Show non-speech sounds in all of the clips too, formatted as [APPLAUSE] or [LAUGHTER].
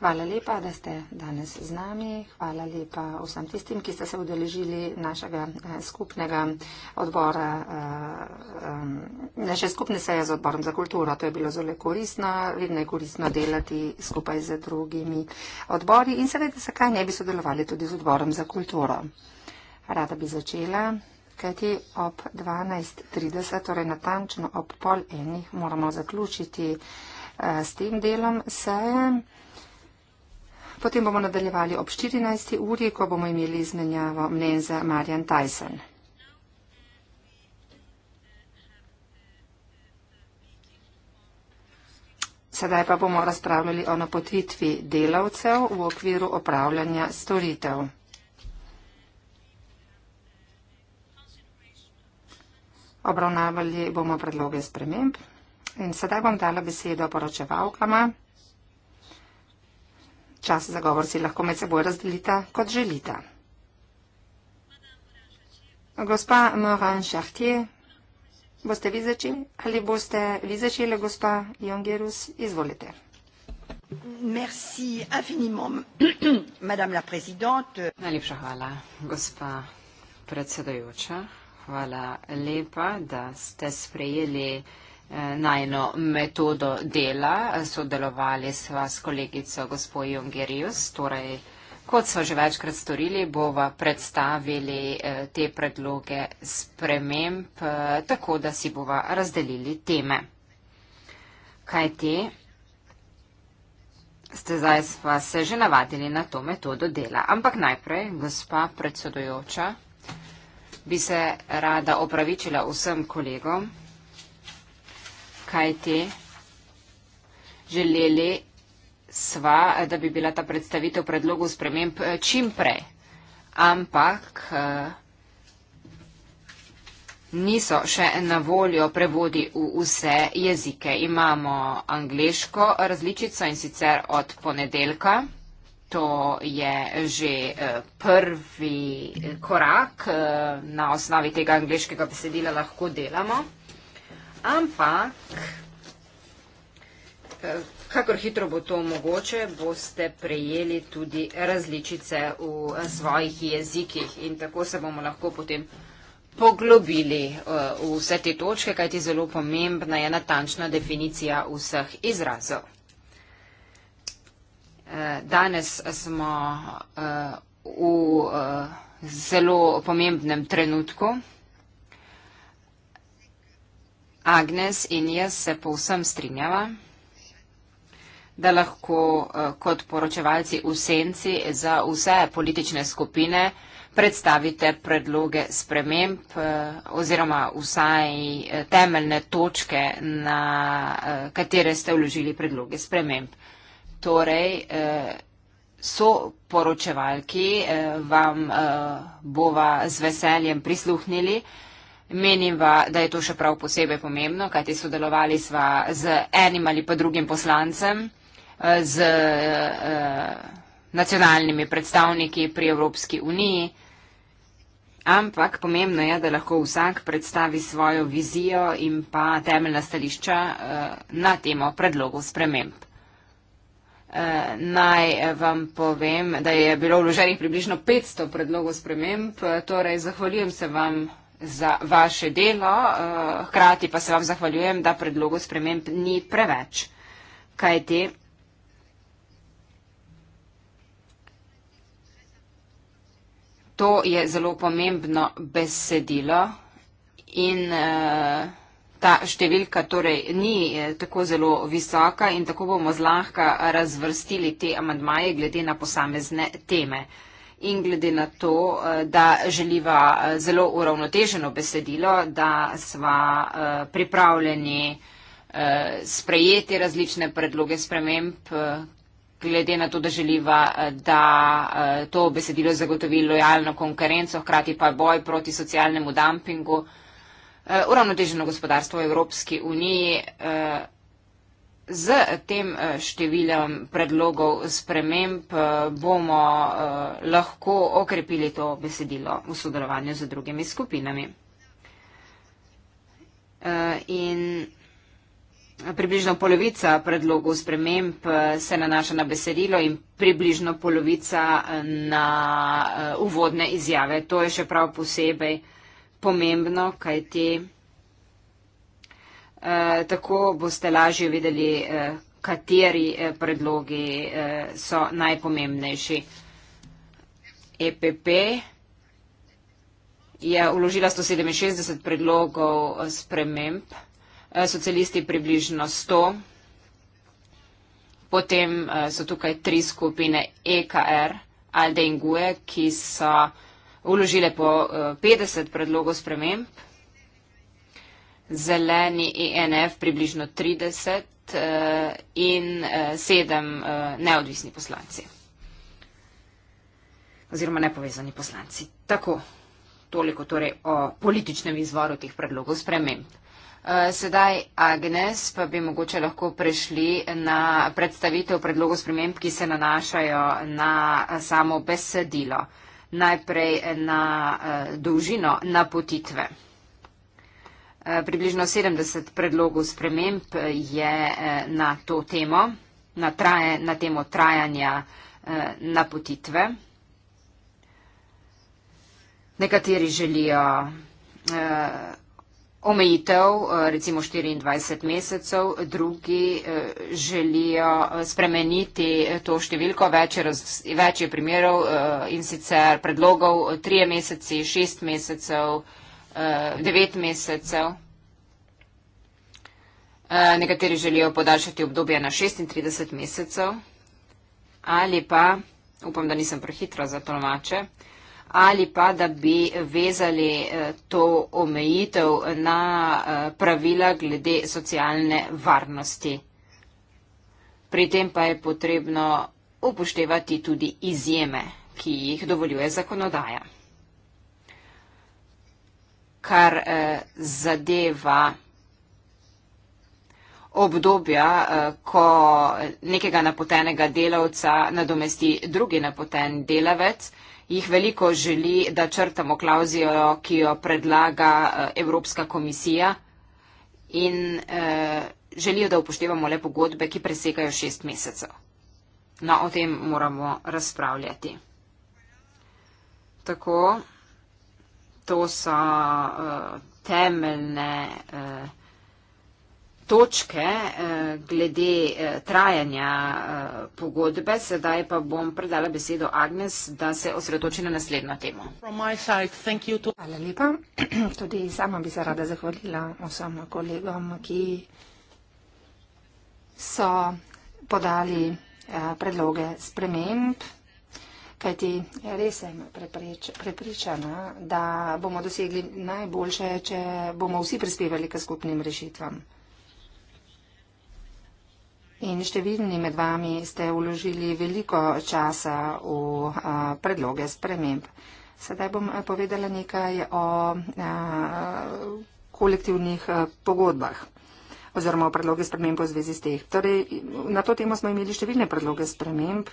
Hvala lepa, da ste danes z nami. Hvala lepa vsem tistim, ki ste se udeležili našega eh, skupnega odbora, eh, naše skupne seje z odborom za kulturo. To je bilo zelo koristno, vedno je koristno delati skupaj z drugimi odbori in seveda, zakaj ne bi sodelovali tudi z odborom za kulturo. Rada bi začela. Kajti ob 12.30, torej natančno ob pol enih, moramo zaključiti s tem delom seje. Potem bomo nadaljevali ob 14. uri, ko bomo imeli izmenjavo mnen za Marjan Tyson. Sedaj pa bomo razpravljali o napotitvi delavcev v okviru opravljanja storitev. Obravnavali bomo predloge sprememb. In sedaj bom dala besedo poročevalkama. Čas za govor si lahko med seboj razdelita, kot želita. Gospa Moran Šahtje, boste vi začeli ali boste vi začeli, gospa Jongerus? Izvolite. Merci infiniment, madame la présidente. Najlepša hvala, gospa predsedajoča. Hvala lepa, da ste sprejeli najno metodo dela. Sodelovali sva s kolegico gospo Jungerius. Torej, kot smo že večkrat storili, bova predstavili eh, te predloge sprememb, eh, tako da si bova razdelili teme. Kaj te? Ste zdaj pa se že navadili na to metodo dela. Ampak najprej, gospa predsedujoča, bi se rada opravičila vsem kolegom, kaj ti želeli sva, da bi bila ta predstavitev predlogu sprememb eh, čim prej. Ampak eh, niso še na voljo prevodi v vse jezike. Imamo angliško različico in sicer od ponedeljka. To je že eh, prvi korak. Na osnovi tega angliškega besedila lahko delamo ampak, eh, kakor hitro bo to mogoče, boste prejeli tudi različice v eh, svojih jezikih in tako se bomo lahko potem poglobili eh, v vse te točke, kajti zelo pomembna je natančna definicija vseh izrazov. Danes smo v zelo pomembnem trenutku. Agnes in jaz se povsem strinjava, da lahko eh, kot poročevalci v senci za vse politične skupine predstavite predloge sprememb eh, oziroma vsaj eh, temeljne točke, na katere ste vložili predloge sprememb. Torej, so poročevalki, vam bova z veseljem prisluhnili, Menimva, da je to še prav posebej pomembno, kajti sodelovali sva z enim ali pa drugim poslancem, eh, z eh, nacionalnimi predstavniki pri Evropski uniji, ampak pomembno je, da lahko vsak predstavi svojo vizijo in pa temeljna stališča eh, na temo predlogov sprememb. Naj vam povem, da je bilo vloženih približno 500 predlogov sprememb, torej zahvaljujem se vam za vaše delo, eh, hkrati pa se vam zahvaljujem, da predlogov sprememb ni preveč. Kaj ti? To je zelo pomembno besedilo in eh, ta številka torej ni eh, tako zelo visoka in tako bomo zlahka razvrstili te amadmaje glede na posamezne teme in glede na to, da želiva zelo eh, uravnoteženo besedilo, da sva pripravljeni sprejeti različne predloge sprememb, glede na to, da želiva, da to besedilo zagotovi lojalno konkurenco, hkrati pa boj proti socialnemu dumpingu, eh, uravnoteženo gospodarstvo v Evropski uniji. Eh, Z tem eh, številom predlogov sprememb eh, bomo eh, lahko okrepili to besedilo v sodelovanju z drugimi skupinami. In približno polovica predlogov sprememb se nanaša na besedilo in približno polovica na uvodne izjave. To je še prav posebej pomembno, kaj te vsega. Eh, tako boste lažje videli, eh, kateri eh, predlogi so najpomembnejši. EPP je uložila 167 predlogov sprememb, socialisti približno 100. Potem so tukaj tri skupine EKR, Alde in Gue, ki so uložile po 50 predlogov sprememb zeleni ENF približno 30 eh, in eh, sedem eh, neodvisni poslanci. Oziroma nepovezani poslanci. Tako, toliko torej o političnem izvoru teh predlogov sprememb. Sedaj, Agnes, pa bi mogoče lahko prešli na predstavitev predlogov sprememb, ki se nanašajo na samo besedilo. Najprej na dolžino napotitve. Eh, približno 70 predlogov sprememb eh, je eh, na to temo, na, traje, na temo trajanja napotitve. Nekateri želijo omejitev, recimo 24 mesecev, drugi želijo spremeniti to številko, več je, raz, več je primerov in sicer predlogov 3 meseci, 6 mesecev, Eh, devet mesecev. Eh, nekateri želijo podaljšati obdobje na 36 mesecev ali pa, upam, da nisem prehitra za tolmače, ali pa, da bi vezali eh, to omejitev na pravila glede socialne varnosti. Pri tem pa je potrebno upoštevati tudi izjeme, ki jih dovoljuje zakonodaja kar eh, zadeva obdobja, eh, ko nekega napotenega delavca nadomesti drugi napoten delavec, jih veliko želi, da črtamo klauzijo, ki jo predlaga eh, Evropska komisija in eh, želijo, da upoštevamo le pogodbe, ki presegajo šest mesecev. No, o tem moramo razpravljati. Tako to so uh, temeljne uh, točke uh, glede uh, trajanja uh, pogodbe. Sedaj pa bom predala besedo Agnes, da se osredotoči na naslednjo temo. Hvala lepa. [CLEARS THROAT] Tudi sama bi se rada zahvalila vsem kolegom, ki so podali predloge sprememb Kajti res sem preprič, prepričana, da bomo dosegli najboljše, če bomo vsi prispevali k skupnim rešitvam. In številni med vami ste uložili veliko časa v a, predloge sprememb. Sedaj bom povedala nekaj o a, kolektivnih a, pogodbah oziroma o predloge sprememb v zvezi s teh. Torej, na to temo smo imeli številne predloge sprememb.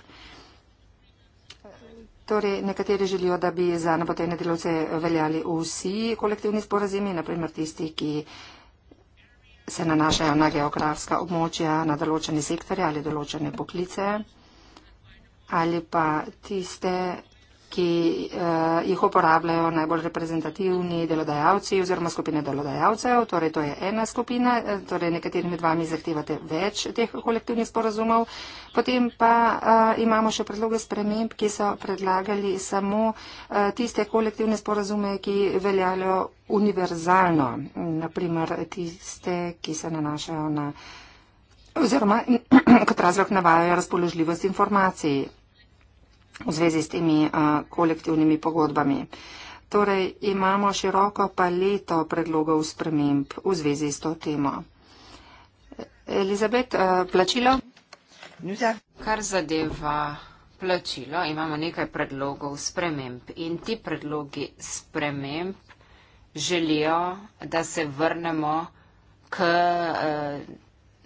Torej, nekateri želijo, da bi za napotene delovce veljali vsi kolektivni sporazumi, naprimer tisti, ki se nanašajo na geografska območja, na določene sektorje ali določene poklice ali pa tiste ki eh, jih uporabljajo najbolj reprezentativni delodajalci oziroma skupine delodajalcev. Torej, to je ena skupina, eh, torej nekateri med vami zahtevate več teh kolektivnih sporazumov. Potem pa eh, imamo še predloge sprememb, ki so predlagali samo eh, tiste kolektivne sporazume, ki veljajo univerzalno, naprimer tiste, ki se nanašajo na. Oziroma, [CLEARS THROAT] kot razlog navajajo razpoložljivost informacij v zvezi s temi a, kolektivnimi pogodbami. Torej imamo široko paleto predlogov sprememb v zvezi s to temo. Elizabet, plačilo? Kar zadeva plačilo, imamo nekaj predlogov sprememb in ti predlogi sprememb želijo, da se vrnemo k eh,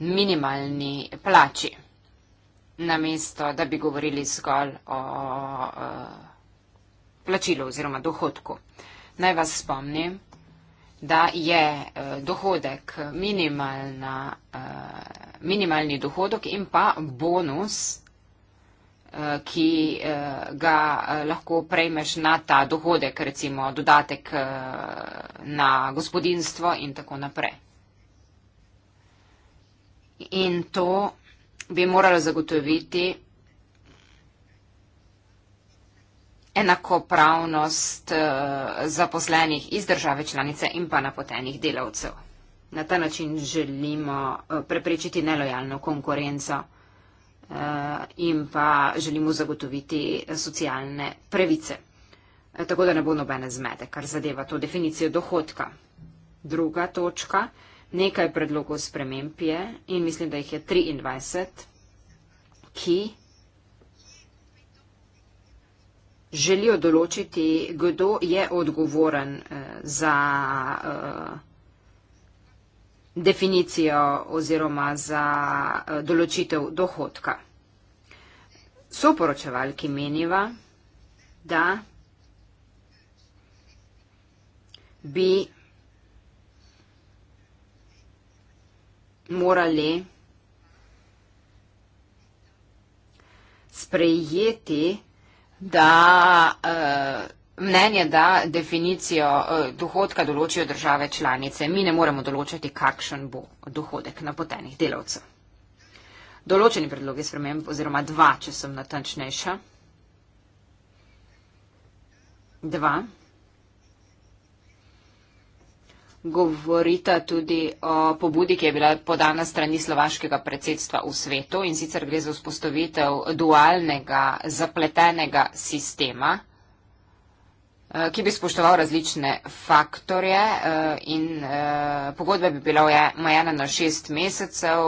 minimalni plači namesto da bi govorili zgolj o uh, plačilu oziroma dohodku. Naj vas spomnim, da je uh, dohodek uh, minimalni dohodek in pa bonus, uh, ki uh, ga uh, lahko prejmeš na ta dohodek, recimo dodatek uh, na gospodinstvo in tako naprej. In to bi morala zagotoviti enakopravnost eh, zaposlenih iz države članice in pa napotenih delavcev. Na ta način želimo eh, preprečiti nelojalno konkurenco eh, in pa želimo zagotoviti socialne previce. Tako da ne bo nobene zmede, kar zadeva to definicijo dohodka. Druga točka je, nekaj predlogov sprememb je in mislim, da jih je 23, ki želijo določiti, kdo je odgovoren eh, za eh, definicijo oziroma za eh, določitev dohodka. So poročevalki meniva, da bi morali sprejeti, da eh, mnenje, da definicijo eh, dohodka določijo države članice. Mi ne moremo določati, kakšen bo dohodek napotenih delavcev. Določeni predlogi sprememb, oziroma dva, če sem natančnejša. Dva govorita tudi o pobudi, ki je bila podana strani slovaškega predsedstva v svetu in sicer gre za vzpostavitev dualnega, zapletenega sistema, eh, ki bi spoštoval različne faktorje eh, in eh, pogodba bi bila omejena na šest mesecev.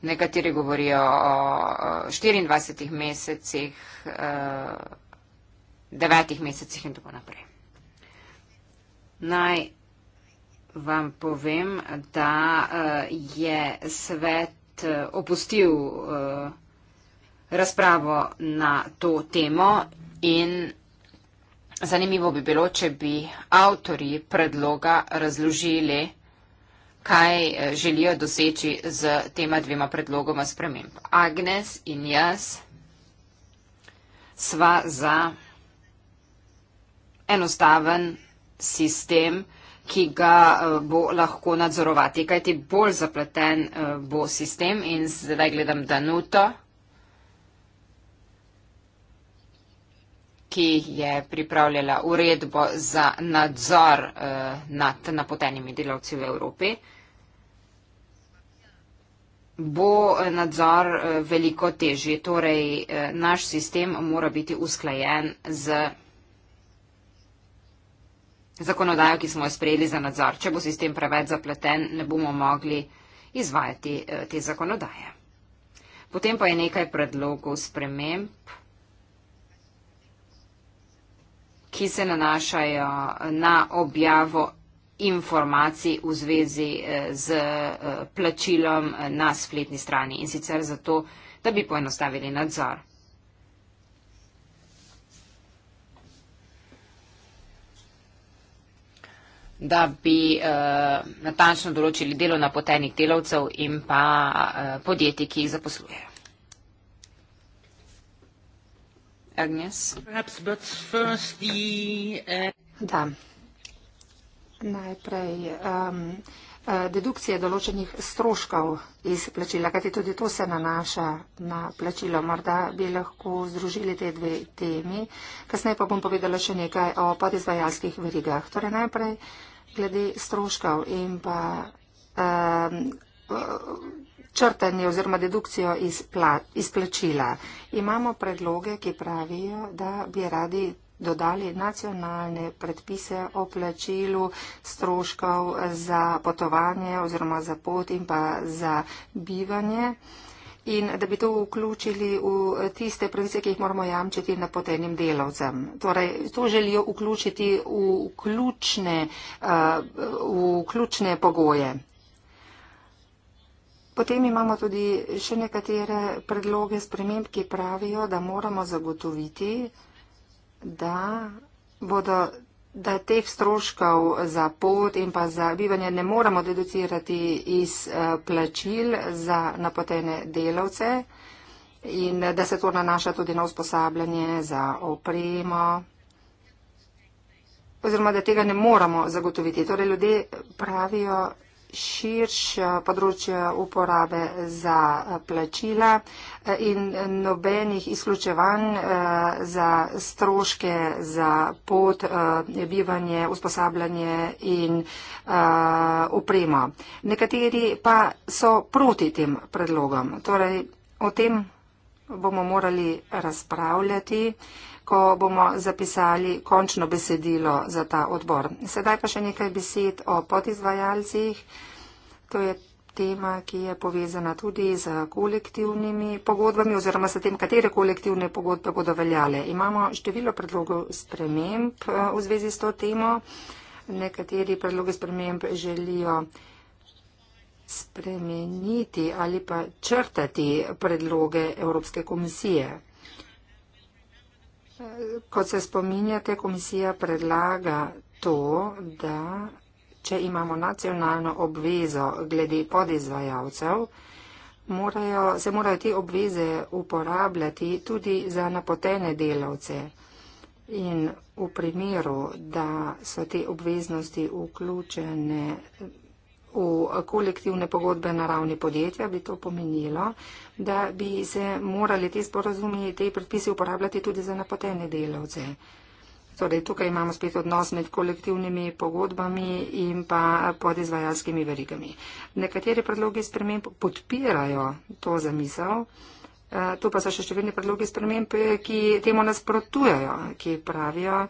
Nekateri govorijo o 24 mesecih, 9 mesecih in tako naprej. Naj vam povem, da eh, je svet eh, opustil eh, razpravo na to temo in zanimivo bi bilo, če bi avtori predloga razložili, kaj želijo doseči z tema dvema predlogoma sprememb. Agnes in jaz sva za enostaven sistem, ki je vsega, ki ga eh, bo lahko nadzorovati, kajti bolj zapleten eh, bo sistem in zdaj gledam Danuto, ki je pripravljala uredbo za nadzor eh, nad napotenimi delavci v Evropi. Bo nadzor veliko težji, torej naš sistem mora biti usklajen z zakonodajo, ki smo jo sprejeli za nadzor. Če bo sistem preveč zapleten, ne bomo mogli izvajati eh, te zakonodaje. Potem pa je nekaj predlogov sprememb, ki se nanašajo na objavo informacij v zvezi eh, z eh, plačilom na spletni strani in sicer zato, da bi poenostavili nadzor. da bi uh, natančno določili delo napotenih delavcev in pa uh, podjetij, ki jih zaposlujejo. Agnes? Perhaps, firstly, uh... Eh, da. Najprej. Um, dedukcije določenih stroškov iz plačila, kajti tudi to se nanaša na plačilo. Morda bi lahko združili te dve temi. Kasneje pa bom povedala še nekaj o podizvajalskih verigah. Torej najprej glede stroškov in pa um, črtanje oziroma dedukcijo iz, plat, iz plačila. Imamo predloge, ki pravijo, da bi radi dodali nacionalne predpise o plačilu stroškov za potovanje oziroma za pot in pa za bivanje. Uh, in da bi to vključili v tiste pravice, ki jih moramo jamčiti napotenim delavcem. Torej, to želijo vključiti v ključne, eh, v ključne pogoje. Potem imamo tudi še nekatere predloge sprememb, ki pravijo, da moramo zagotoviti, da bodo da teh stroškov za pot in pa za bivanje ne moremo deducirati iz eh, plačil za napotene delavce in eh, da se to nanaša tudi na usposabljanje za opremo oziroma da tega ne moramo zagotoviti. Torej, ljudje pravijo, širše področje uporabe za eh, plačila eh, in nobenih izključevanj eh, za stroške, za pot, bivanje, usposabljanje in opremo. Nekateri pa so proti tem predlogom. Torej, o tem bomo morali razpravljati ko bomo zapisali končno besedilo za ta odbor. Sedaj pa še nekaj besed o podizvajalcih. To je tema, ki je povezana tudi z kolektivnimi pogodbami oziroma s tem, katere kolektivne pogodbe bodo veljale. Imamo število predlogov sprememb eh, v zvezi s to temo. Nekateri predloge sprememb želijo spremeniti ali pa črtati predloge Evropske komisije. Kot se spominjate, komisija predlaga to, da če imamo nacionalno obvezo glede podizvajalcev, morajo, se morajo te obveze uporabljati tudi za napotene delavce. In v primeru, da so te obveznosti vključene v kolektivne pogodbe na ravni podjetja, bi to pomenilo, da bi se morali te sporazumi, te predpise uporabljati tudi za napotene delavce. Torej, tukaj imamo spet odnos med kolektivnimi pogodbami in pa podizvajalskimi verigami. Nekateri predlogi sprememb podpirajo to zamisel, eh, tu pa so še številni predlogi sprememb, ki temu nasprotujajo, ki pravijo,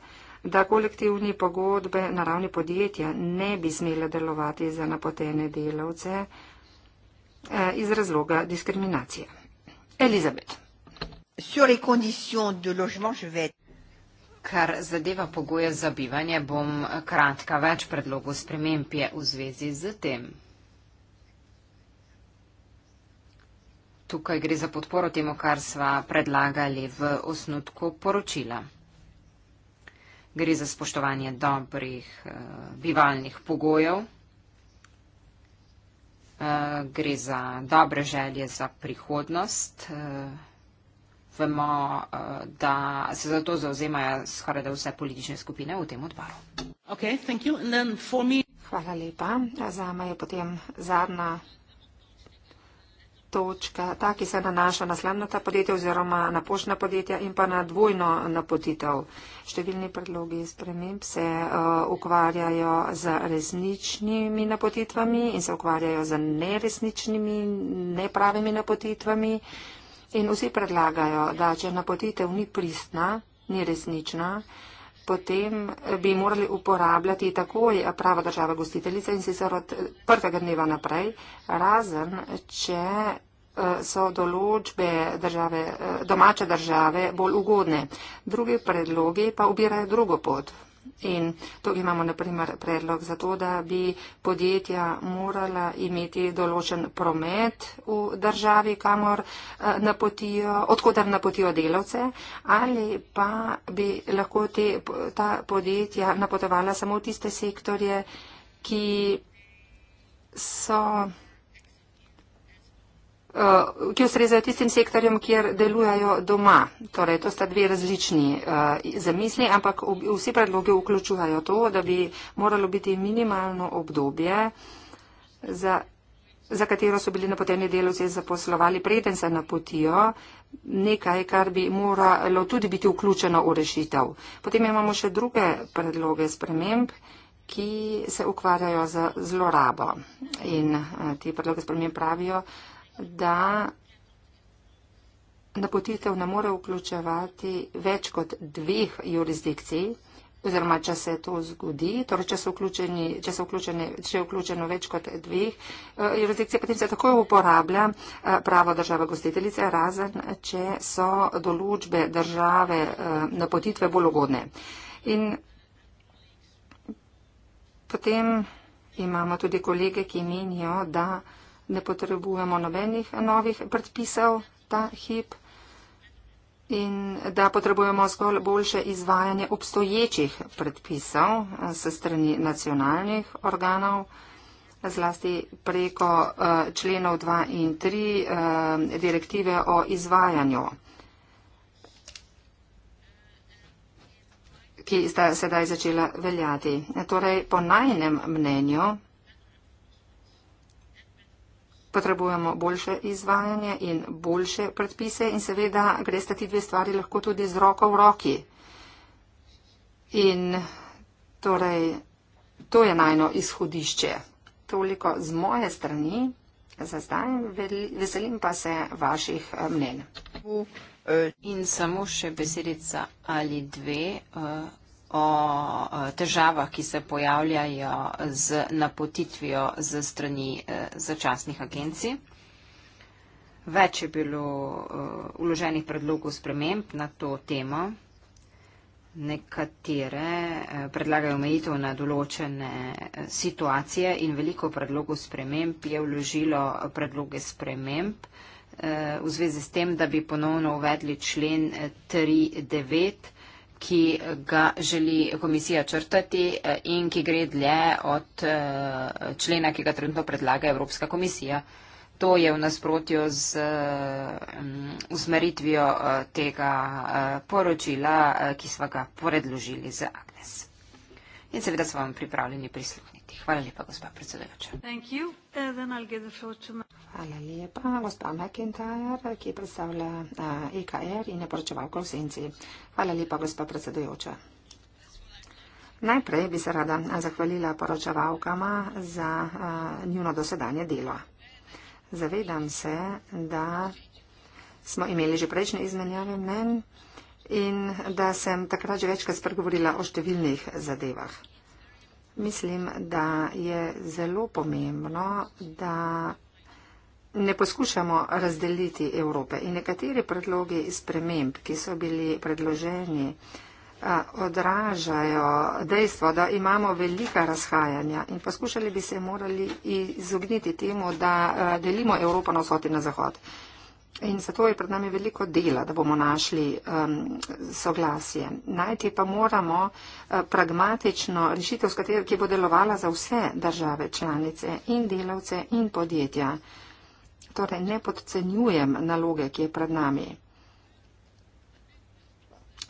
da kolektivni pogodbe na ravni podjetja ne bi smele delovati za napotene delavce. Eh, iz razloga diskriminacije. Elizabet. Kar zadeva pogoje za bivanje, bom kratka več predlogov sprememb je v zvezi z tem. Tukaj gre za podporo temu, kar sva predlagali v osnutku poročila. Gre za spoštovanje dobrih eh, bivalnih pogojev. Eh, gre za dobre želje za prihodnost. Eh, vemo, eh, da se za to zauzemajo skoraj da vse politične skupine v tem odboru. Okay, Hvala lepa. Zame je potem zadnja točka, ta, ki se nanaša na slamnata podjetja oziroma na poštna podjetja in pa na dvojno napotitev. Številni predlogi sprememb se uh, ukvarjajo z resničnimi napotitvami in se ukvarjajo z neresničnimi, nepravimi napotitvami. In vsi predlagajo, da če napotitev ni pristna, ni resnična, uh, potem eh, bi morali uporabljati takoj eh, prava država gostiteljica in sicer od eh, prvega dneva naprej, razen če so določbe države, domače države bolj ugodne. Drugi predlogi pa ubirajo drugo pot. In tu imamo naprimer predlog za to, da bi podjetja morala imeti določen promet v državi, kamor eh, napotijo, odkudar napotijo delavce, ali pa bi lahko te, ta podjetja napotovala samo v tiste sektorje, ki so uh, ki ustrezajo tistim sektorjem, kjer delujajo doma. Torej, to sta dve različni uh, zamisli, ampak ob, vsi predloge vključujajo to, da bi moralo biti minimalno obdobje za za katero so bili napoteni delovci zaposlovali, preden se napotijo, nekaj, kar bi moralo tudi biti vključeno v rešitev. Potem imamo še druge predloge sprememb, ki se ukvarjajo z zlorabo. In eh, ti predloge sprememb pravijo, uh, da napotitev ne more vključevati več kot dveh jurisdikcij. Oziroma, če se to zgodi, torej, če, so vključeni, če, so vključeni, če je vključeno več kot dveh eh, jurisdikcij, potem se takoj uporablja eh, pravo države gostiteljice, razen če so določbe države eh, napotitve bolj ugodne. In potem imamo tudi kolege, ki menijo, da. Eh, ne potrebujemo nobenih novih predpisov ta hip in da potrebujemo zgolj boljše izvajanje obstoječih predpisov eh, se strani nacionalnih organov, zlasti preko eh, členov 2 in 3 eh, direktive o izvajanju. ki sta sedaj začela veljati. Torej, po najnem mnenju, Potrebujemo boljše izvajanje in boljše predpise in seveda gresta ti dve stvari lahko tudi z roko v roki. In torej, to je najno izhodišče. Toliko z moje strani za zdaj, veselim pa se vaših eh, mnen. Eh, in samo še besedica ali dve. Eh, o e, težavah, ki se pojavljajo z napotitvijo z strani e, začasnih agencij. Več je bilo uloženih e, predlogov sprememb na to temo. Nekatere predlagajo omejitev na določene situacije in veliko predlogov sprememb je vložilo predloge sprememb v zvezi s tem, da bi ponovno uvedli člen 3.9 ki ga želi komisija črtati eh, in ki gre dlje od eh, člena, ki ga trenutno predlaga Evropska komisija. To je v nasprotju z mm, usmeritvijo eh, tega poročila, ki smo ga predložili za Agnes. In seveda smo vam pripravljeni prisluhniti. Hvala lepa, gospa predsedujoča. Eh, Hvala lepa, gospa McIntyre, ki predstavlja EKR eh, e in je poročevalka v senci. Hvala lepa, gospa predsedujoča. Najprej bi se rada eh, zahvalila poročevalkama za njuno dosedanje delo. Zavedam se, da smo imeli že prejšnje izmenjave mnen in da sem takrat že večkrat spregovorila o številnih zadevah. Mislim, da je zelo pomembno, da ne poskušamo razdeliti Evrope. In nekateri predlogi sprememb, ki so bili predloženi, odražajo dejstvo, da imamo velika razhajanja in poskušali bi se morali izogniti temu, da delimo Evropo na vzhod in na zahod. In zato je pred nami veliko dela, da bomo našli um, soglasje. Najti pa moramo uh, pragmatično rešitev, katero, ki bo delovala za vse države članice in delavce in podjetja. Torej, ne podcenjujem naloge, ki je pred nami.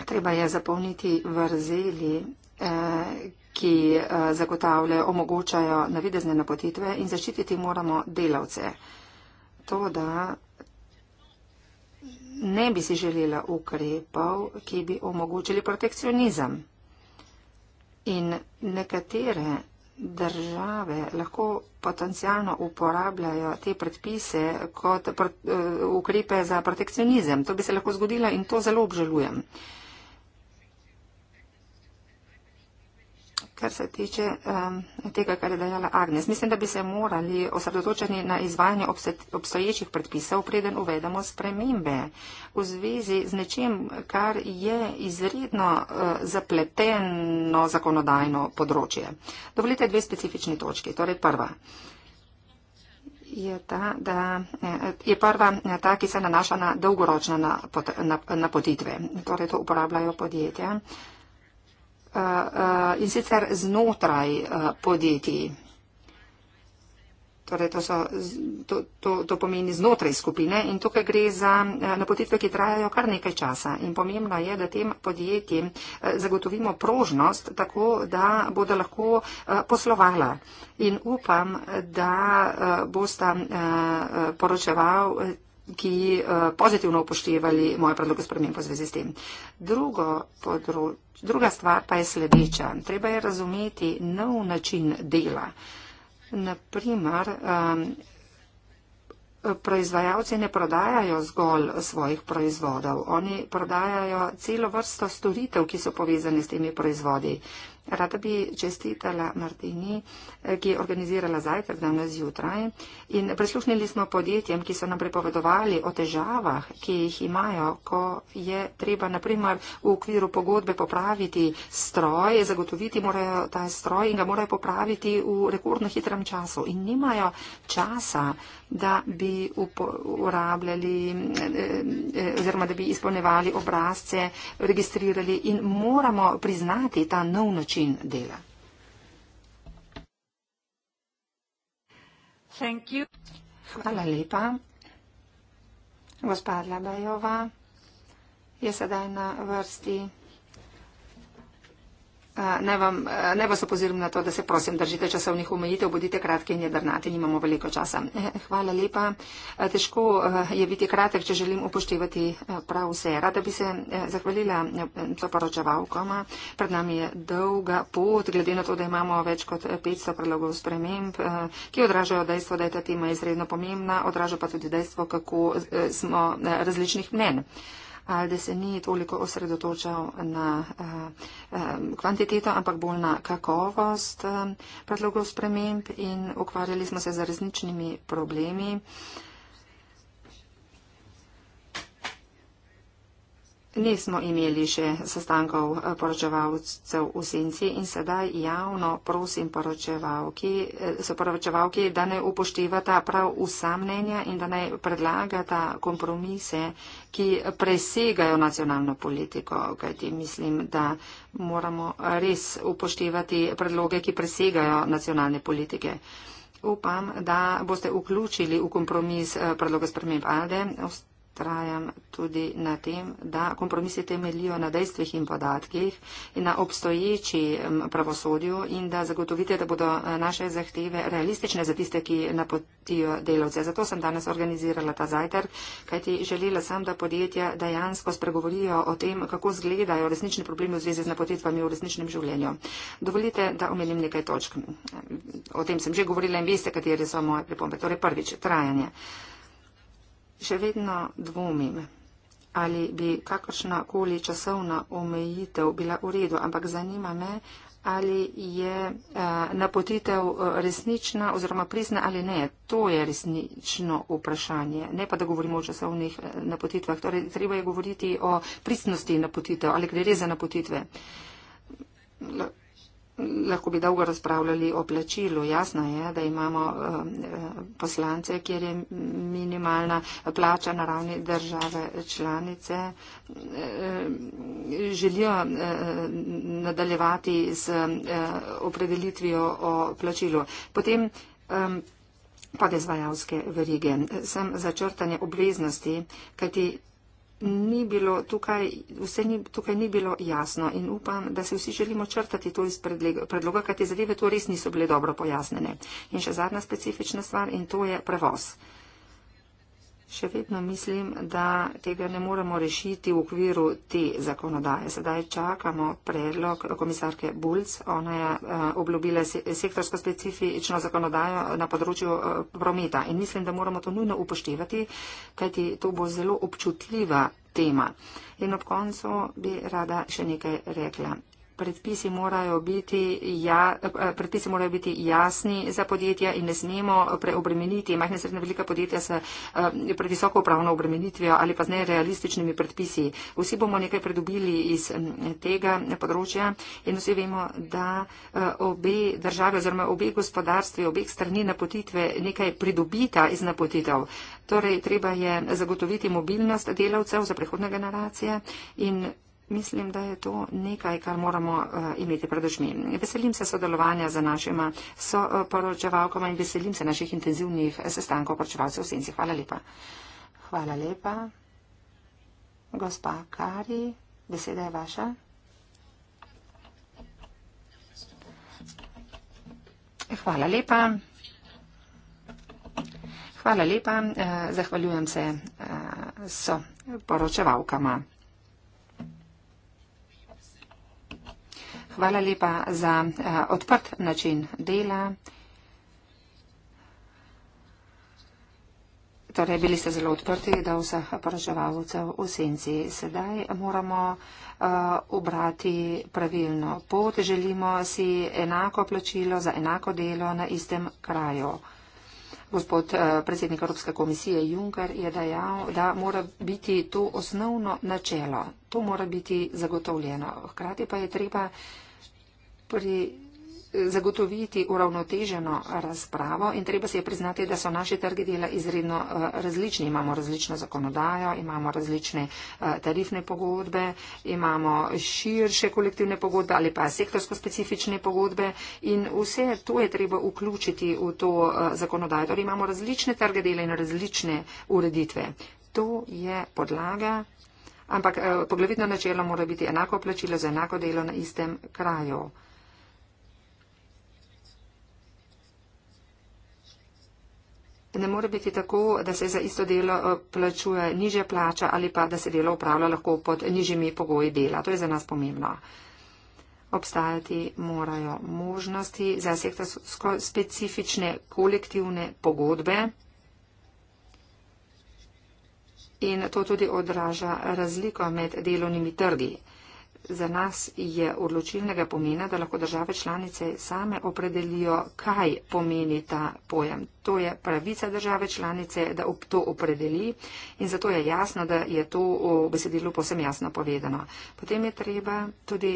Treba je zapolniti vrzeli, eh, ki eh, uh, zagotavljajo, omogočajo navidezne napotitve in zaščititi moramo delavce. To, da ne bi si želela ukrepov, ki bi omogočili protekcionizem. In nekatere države lahko potencialno uporabljajo te predpise kot pr eh, ukrepe za protekcionizem. To bi se lahko zgodilo in to zelo obžalujem. Uh, kar se tiče um, tega, kar je dejala Agnes. Mislim, da bi se morali osredotočeni na izvajanje obstoječih predpisov, preden uvedemo spremembe v zvezi z nečim, kar je izredno uh, zapleteno zakonodajno področje. Dovolite dve specifični točki. Torej prva. Je, ta, da, e, je prva e, ta, ki se nanaša na dolgoročne napotitve. Na, na torej to uporabljajo podjetja. Uh, in sicer znotraj podjetij. Torej, to, so, to, to, to pomeni znotraj skupine in tukaj gre za napotitve, ki trajajo kar nekaj časa. In pomembno je, da tem podjetjem zagotovimo prožnost, tako da bodo lahko poslovala. In upam, da bosta poročeval ki eh, pozitivno upoštevali moje predloge spremenj po zvezi s tem. Drugo, podru, druga stvar pa je sledeča. Treba je razumeti nov način dela. Naprimer, um, ehm, proizvajalci ne prodajajo zgolj svojih proizvodov. Oni prodajajo celo vrsto storitev, ki so povezane s temi proizvodi. Rada bi čestitala Martini, eh, ki je organizirala zajtrk danes zjutraj in prisluhnili smo podjetjem, ki so nam prepovedovali o težavah, ki jih imajo, ko je treba naprimer v okviru pogodbe popraviti stroj, zagotoviti morajo ta stroj in ga morajo popraviti v rekordno hitrem času in nimajo časa, da bi uporabljali eh, eh, oziroma da bi izpolnevali obrazce, registrirali in moramo priznati ta nov način dela. Hvala lepa. Gospa Labajova je sedaj na vrsti. Naj vam, naj vas opozorim na to, da se prosim držite časovnih omejitev, bodite kratki in jedrnati, nimamo veliko časa. [LAUGHS] Hvala lepa. Težko je biti kratek, če želim upoštevati prav vse. Rada bi se zahvalila to poročevalkoma. Pred nami je dolga pot, glede na to, da imamo več kot 500 predlogov sprememb, ki odražajo dejstvo, da je ta tema izredno pomembna, odraža pa tudi dejstvo, kako smo različnih mnen. Alde se ni toliko osredotočal na eh, eh, kvantiteto, ampak bolj na kakovost eh, predlogov sprememb in ukvarjali smo se z različnimi problemi. Nismo imeli še sestankov eh, poročevalcev v senci in sedaj javno prosim eh, poročevalki, da ne upoštevata prav vsa mnenja in da ne predlagata kompromise, ki presegajo nacionalno politiko, kajti mislim, da moramo res upoštevati predloge, ki presegajo nacionalne politike. Upam, da boste vključili v kompromis eh, predloga sprememb ALDE vztrajam tudi na tem, da kompromisi temeljijo na dejstvih in podatkih in na obstoječi pravosodju in da zagotovite, da bodo eh, naše zahteve realistične za tiste, ki napotijo delovce. Zato sem danes organizirala ta zajter, kajti želela sem, da podjetja dejansko spregovorijo o tem, kako zgledajo resnični problemi v zvezi z napotitvami v resničnem življenju. Dovolite, da omenim nekaj točk. O tem sem že govorila in veste, katere so moje pripombe. Torej prvič, trajanje. Še vedno dvomim, ali bi kakršna koli časovna omejitev bila v redu, ampak zanima me, ali je eh, napotitev eh, resnična oziroma prizna ali ne. To je resnično vprašanje. Ne pa, da govorimo o časovnih eh, napotitvah. Torej, treba je govoriti o prisnosti napotitev, ali gre res za napotitve. Lahko bi dolgo razpravljali o plačilu. Jasno je, da imamo eh, poslance, kjer je minimalna plača na ravni države članice. Eh, želijo eh, nadaljevati z opredelitvijo o plačilu. Potem pa izvajalske verige. Sem za črtanje obveznosti, kajti ni bilo tukaj, vse ni, tukaj ni bilo jasno in upam, da se vsi želimo črtati to iz predloga, kajti zadeve to res niso bile dobro pojasnjene. In še zadnja specifična stvar in to je prevoz. Še vedno mislim, da tega ne moremo rešiti v okviru te zakonodaje. Sedaj čakamo predlog komisarke Bulc. Ona je uh, obljubila se sektorsko specifično zakonodajo na področju uh, prometa in mislim, da moramo to nujno upoštevati, kajti to bo zelo občutljiva tema. In ob koncu bi rada še nekaj rekla predpisi morajo biti, ja, eh, predpisi morajo biti jasni za podjetja in ne smemo preobremeniti majhne srednje velika podjetja s eh, previsoko upravno obremenitvijo ali pa z nerealističnimi predpisi. Vsi bomo nekaj pridobili iz tega področja in vsi vemo, da eh, obe države oziroma obe gospodarstvi, obe strani napotitve nekaj pridobita iz napotitev. Torej, treba je zagotoviti mobilnost delavcev za prihodne generacije in Mislim, da je to nekaj, kar moramo uh, imeti pred očmi. Veselim se sodelovanja z našima soporočevalkama in veselim se naših intenzivnih eh, sestankov poročevalcev v senci. Hvala lepa. Hvala lepa. Gospa Kari, beseda je vaša. Hvala lepa. Hvala lepa. Uh, zahvaljujem se uh, soporočevalkama. Hvala lepa za uh, odprt način dela. Torej, bili ste zelo odprti do vseh poraževalcev v senci. Sedaj moramo obrati eh, uh, pravilno pot. Želimo si enako plačilo za enako delo na istem kraju. Gospod uh, predsednik Evropske komisije Juncker je dejal, da mora biti to osnovno načelo. To mora biti zagotovljeno. Hkrati pa je treba. Uh, pri eh, zagotoviti uravnoteženo razpravo in treba se je priznati, da so naši trgi dela izredno eh, različni. Imamo različno zakonodajo, imamo različne eh, tarifne pogodbe, imamo širše kolektivne pogodbe ali pa sektorsko specifične pogodbe in vse to je treba vključiti v to zakonodajo. Torej imamo različne trge dela in različne ureditve. To je podlaga. Ampak poglavitno načelo mora biti enako plačilo za enako delo na istem kraju. Ne more biti tako, da se za isto delo eh, plačuje nižja plača ali pa da se delo upravlja lahko pod nižjimi pogoji dela. To je za nas pomembno. Obstajati morajo možnosti za sektorsko specifične kolektivne pogodbe in to tudi odraža razliko med delovnimi trgi. Za nas je odločilnega pomena, da lahko države članice same opredelijo, kaj pomeni ta pojem. To je pravica države članice, da to opredeli in zato je jasno, da je to v besedilu posem jasno povedano. Potem je treba tudi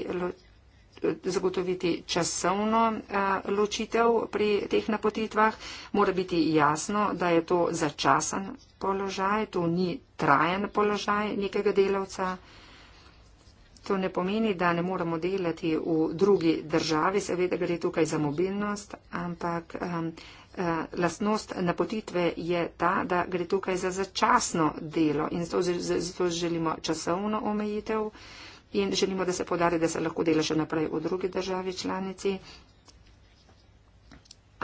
zagotoviti časovno ločitev pri teh napotitvah. Mora biti jasno, da je to začasen položaj, to ni trajen položaj nekega delavca. To ne pomeni, da ne moramo delati v drugi državi, seveda gre tukaj za mobilnost, ampak um, eh, lastnost napotitve je ta, da gre tukaj za začasno delo in zato, zato želimo časovno omejitev in želimo, da se podari, da se lahko dela še naprej v drugi državi članici,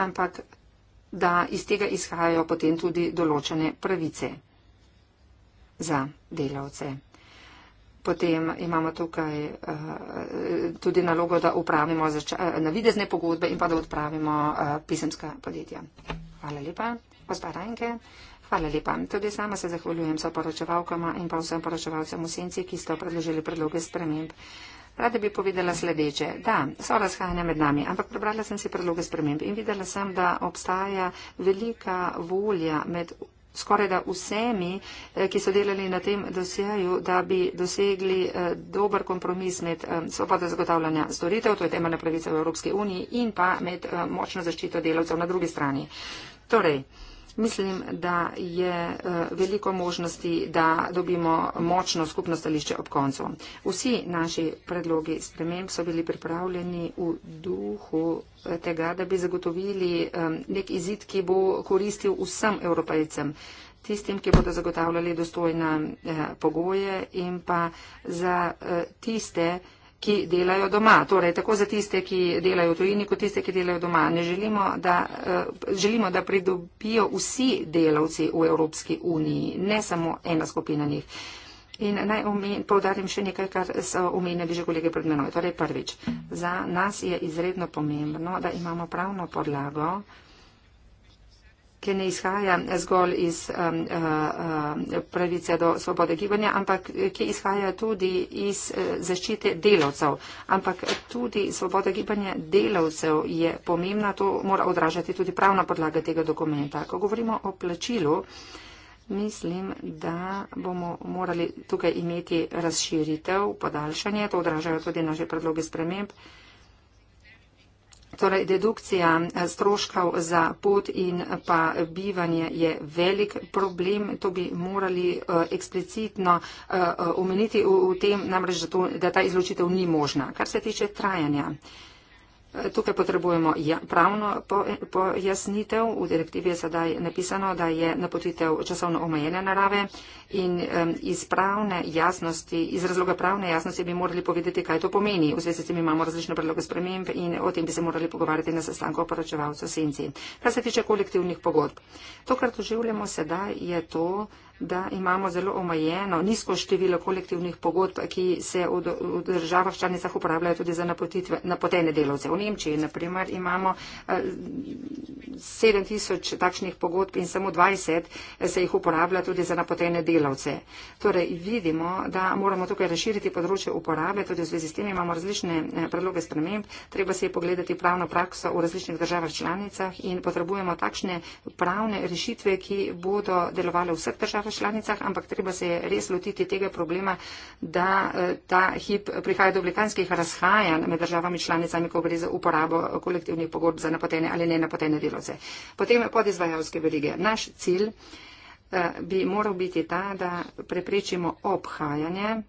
ampak da iz tega izhajajo potem tudi določene pravice za delavce. Potem imamo tukaj eh, tudi nalogo, da upravimo eh, navidezne pogodbe in pa da odpravimo eh, pisemska podjetja. Hvala lepa, gospa Rajnke. Hvala lepa. Tudi sama se zahvaljujem so poročevalkama in pa vsem poročevalcem v senci, ki ste predložili predloge sprememb. Rada bi povedala sledeče. Da, so razhajanja med nami, ampak prebrala sem si predloge sprememb in videla sem, da obstaja velika volja med skoraj da vsemi, eh, ki so delali na tem dosjeju, da bi dosegli eh, dober kompromis med eh, svobodo zagotavljanja storitev, to je temeljna pravica v Evropski uniji, in pa med močno zaščito delavcev na drugi strani. Torej, Mislim, da je eh, veliko možnosti, da dobimo močno skupno stališče ob koncu. Vsi naši predlogi sprememb so bili pripravljeni v duhu eh, tega, da bi zagotovili eh, nek izid, ki bo koristil vsem evropejcem tistim, ki bodo zagotavljali dostojne eh, pogoje in pa za eh, tiste, ki ki delajo doma. Torej, tako za tiste, ki delajo v tujini, kot tiste, ki delajo doma. Ne želimo, da, eh, želimo, da pridobijo vsi delavci v Evropski uniji, ne samo ena skupina njih. In naj omen, povdarim še nekaj, kar so omenjali že kolege pred menoj. Torej, prvič, za nas je izredno pomembno, da imamo pravno podlago ki ne izhaja zgolj iz um, uh, uh pravice do svobode gibanja, ampak eh, ki izhaja tudi iz uh, zaščite delavcev. Ampak tudi svoboda gibanja delavcev je pomembna, to mora odražati tudi pravna podlaga tega dokumenta. Ko govorimo o plačilu, mislim, da bomo morali tukaj imeti razširitev, podaljšanje, to odražajo tudi naše predloge sprememb. Uh, Torej, dedukcija eh, stroškov za pot in pa bivanje je velik problem. To bi morali eh, eksplicitno eh, omeniti v tem, namreč, da ta izločitev ni možna. Kar se tiče trajanja. Tukaj potrebujemo ja, pravno pojasnitev. V direktivi je sedaj napisano, da je napotitev časovno omejene narave in iz, jasnosti, iz razloga pravne jasnosti bi morali povedati, kaj to pomeni. V zvezi s tem imamo različne predloge sprememb in o tem bi se morali pogovarjati na sestanku poročevalcev Sinci. Kar se tiče kolektivnih pogodb, to, kar doživljamo sedaj, je to, da imamo zelo omejeno, nizko število kolektivnih pogodb, ki se v, v državah članicah uporabljajo tudi za napotitve, napotene delovce. V Nemčiji, naprimer, imamo 7000 eh, takšnih pogodb in samo 20 eh, se jih uporablja tudi za napotene delovce. Torej, vidimo, da moramo tukaj razširiti področje uporabe, tudi v zvezi s tem imamo različne eh, predloge sprememb, treba se je pogledati pravno prakso v različnih državah članicah in potrebujemo takšne pravne rešitve, ki bodo delovale v vseh državah članicah, ampak treba se je res lotiti tega problema, da eh, ta hip prihaja do oblikanskih razhajanj med državami članicami, ko gre za uporabo kolektivnih pogodb za napotene ali ne napotene delovce. Potem podizvajalske verige. Naš cilj eh, bi moral biti ta, da preprečimo obhajanje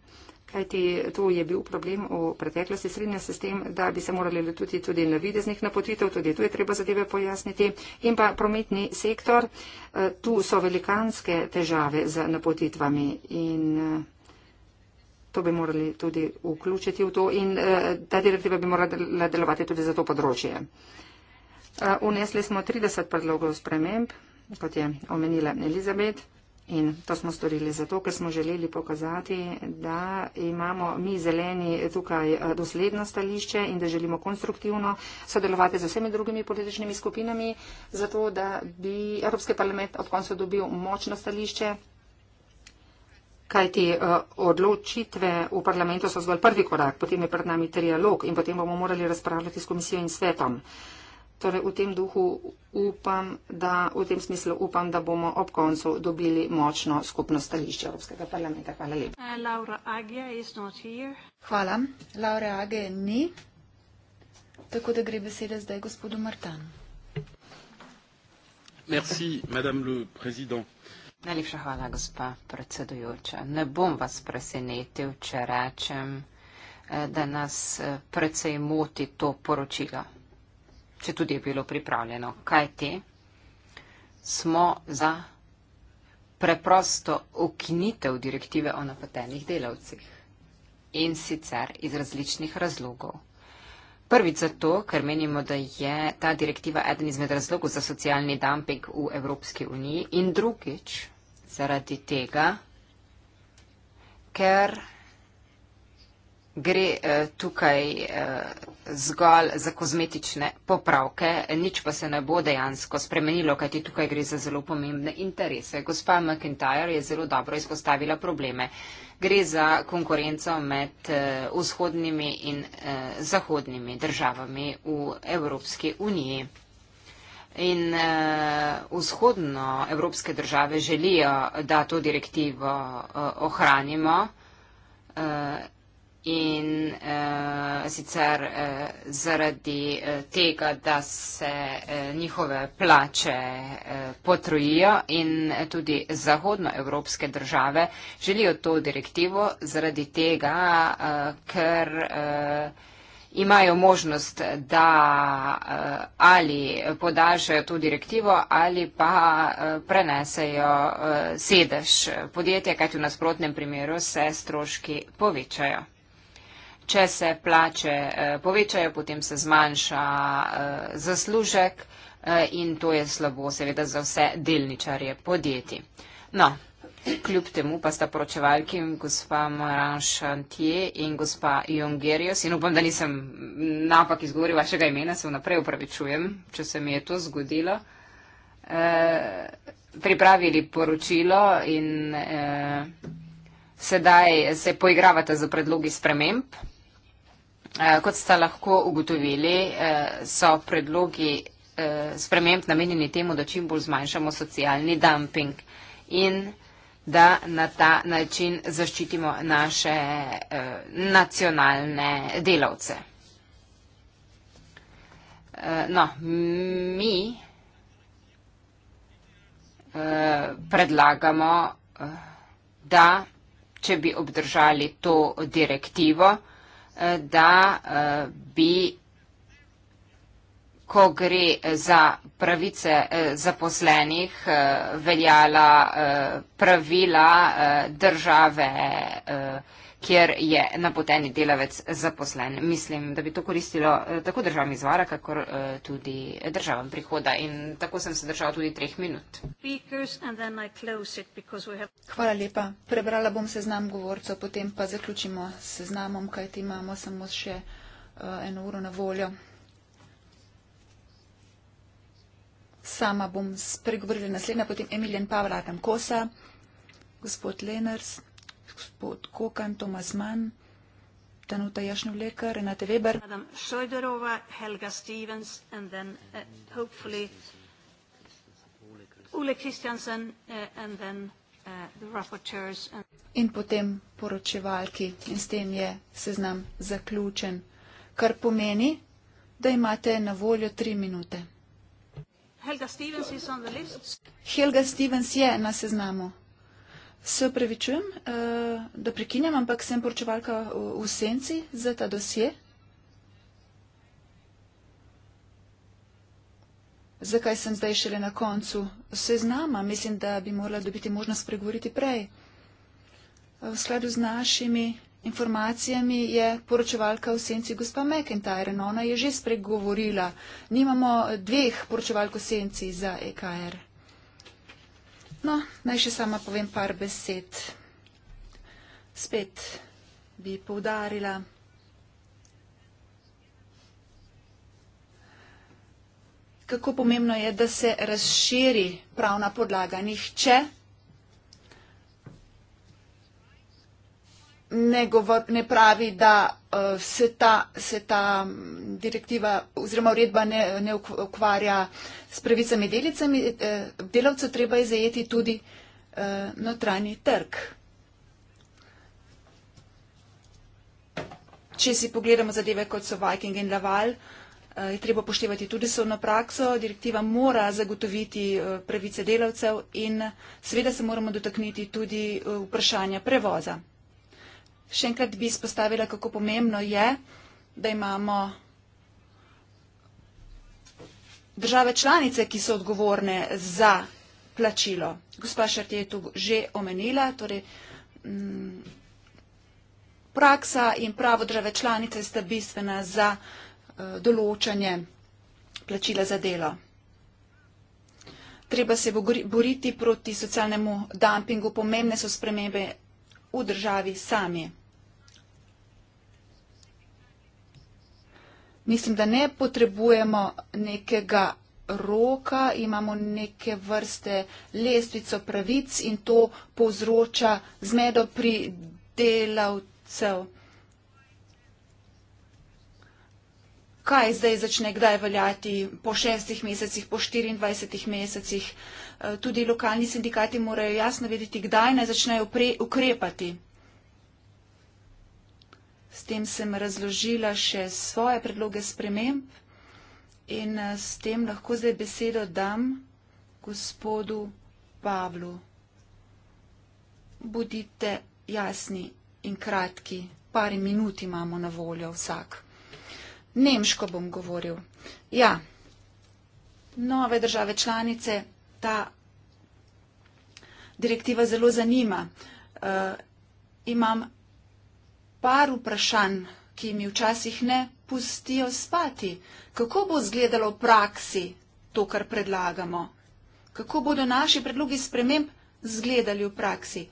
Kajti to je bil problem v preteklosti, srednja se s tem, da bi se morali lotiti tudi navideznih napotitev, tudi tu je treba zadeve pojasniti. In pa prometni sektor, eh, tu so velikanske težave z napotitvami in eh, to bi morali tudi vključiti v to in eh, ta direktiva bi morala delovati tudi za to področje. Unesli smo 30 predlogov sprememb, kot je omenila Elizabeth. In to smo storili zato, ker smo želeli pokazati, da imamo mi zeleni tukaj eh, dosledno stališče in da želimo konstruktivno sodelovati z vsemi drugimi političnimi skupinami, zato da bi Evropski parlament od konca dobil močno stališče. Kajti eh, odločitve v parlamentu so zgolj prvi korak, potem je pred nami trialog in potem bomo morali razpravljati s komisijo in svetom. Torej v tem duhu upam, da v tem smislu upam, da bomo ob koncu dobili močno skupno stališče Evropskega parlamenta. Hvala lepa. Uh, hvala. Laura Age ni. Tako da gre beseda zdaj gospodu Martanu. Merci, madame le président. Najlepša hvala, gospa predsedujoča. Ne bom vas presenetil, če rečem, eh, da nas eh, precej moti to poročilo če tudi je bilo pripravljeno. Kaj te? Smo za preprosto ukinitev direktive o napotenih delavcih in sicer iz različnih razlogov. Prvič zato, ker menimo, da je ta direktiva eden izmed razlogov za socialni dumping v Evropski uniji in drugič zaradi tega, ker gre eh, tukaj eh, zgolj za kozmetične popravke, nič pa se ne bo dejansko spremenilo, kajti tukaj gre za zelo pomembne interese. Gospa McIntyre je zelo dobro izpostavila probleme. Gre za konkurenco med eh, vzhodnimi in zahodnimi državami v Evropski uniji. In eh, vzhodno evropske države želijo, da to direktivo eh, ohranimo, eh, in uh, sicer uh, zaradi uh, tega, da se uh, njihove plače uh, potrojijo in tudi zahodnoevropske države želijo to direktivo zaradi tega, uh, ker uh, imajo možnost, da uh, ali podaljšajo to direktivo ali pa uh, prenesejo uh, sedež podjetja, kajti v nasprotnem primeru se stroški povečajo če se plače eh, povečajo, potem se zmanjša eh, zaslužek eh, in to je slabo seveda za vse delničarje podjetij. No. Kljub temu pa sta poročevalki gospa Maran Chantier in gospa Jongerios in upam, da nisem napak izgovoril vašega imena, se vnaprej upravičujem, če se mi je to zgodilo, e, pripravili poročilo in e, sedaj se poigravate za predlogi sprememb. Eh, kot ste lahko ugotovili, eh, so predlogi eh, sprememb namenjeni temu, da čim bolj zmanjšamo socialni dumping in da na ta način zaščitimo naše nacionalne delavce. No, mi predlagamo, da če bi obdržali to direktivo, da eh, bi, ko gre za pravice eh, zaposlenih, eh, veljala pravila države kjer je napoteni delavec zaposlen. Mislim, da bi to koristilo eh, tako državam izvara, kakor eh, tudi državam prihoda. In tako sem se držala tudi treh minut. Hvala lepa. Prebrala bom seznam govorcev, potem pa zaključimo s seznamom, kajti imamo samo še eh, eno uro na voljo. Sama bom spregovorila naslednja, potem Emilijan Pavel Adam Kosa, gospod Lenars gospod Kokan, Tomas Mann, Danuta Jašnjuleka, Renate Weber. Madam Šojderova, Helga Stevens and then uh, hopefully Ule Kristjansen uh, and then uh, the rapporteurs. And... In potem poročevalki in s tem je seznam zaključen, kar pomeni, da imate na voljo tri minute. Helga Stevens, Helga Stevens je na seznamu. Se upravičujem, eh, da prekinjam, ampak sem poročevalka v senci za ta dosje. Zakaj sem zdaj šele na koncu seznama? Mislim, da bi morala dobiti možnost pregovoriti prej. Eh, v skladu z našimi informacijami je poročevalka v senci gospa McIntyre. No, ona je že spregovorila. Nimamo dveh poročevalk v senci za EKR. No, naj še sama povem par besed. Spet bi poudarila, kako pomembno je, da se razširi pravna podlaga. Nihče ne, govor, ne pravi, da uh, se, ta, se ta mm, direktiva oziroma uredba ne, ne ukvarja s pravicami delicami, eh, delavcu treba je zajeti tudi eh, notranji trg. Če si pogledamo zadeve, kot so Viking in Laval, eh, je treba poštevati tudi sodno prakso. Direktiva mora zagotoviti eh, pravice delavcev in seveda se moramo dotakniti tudi eh, vprašanja prevoza. Še enkrat bi izpostavila, kako pomembno je, da imamo države članice, ki so odgovorne za plačilo. Gospa Šrti je tu že omenila, torej m, mm, praksa in pravo države članice sta bistvena za uh, določanje plačila za delo. Treba se boriti proti socialnemu dumpingu, pomembne so spremembe v državi sami. mislim, da ne potrebujemo nekega roka, imamo neke vrste lestvico pravic in to povzroča zmedo pri delavcev. Kaj zdaj začne, kdaj veljati po šestih mesecih, po 24 mesecih? Eh, tudi lokalni sindikati morajo jasno vedeti, kdaj naj začnejo ukrepati. S tem sem razložila še svoje predloge sprememb in eh, s tem lahko zdaj besedo dam gospodu Pavlu. Budite jasni in kratki, pari minuti imamo na voljo vsak. Nemško bom govoril. Ja, nove države članice ta direktiva zelo zanima. Uh, imam par vprašanj, ki mi včasih ne pustijo spati. Kako bo izgledalo v praksi to, kar predlagamo? Kako bodo naši predlogi sprememb izgledali v praksi?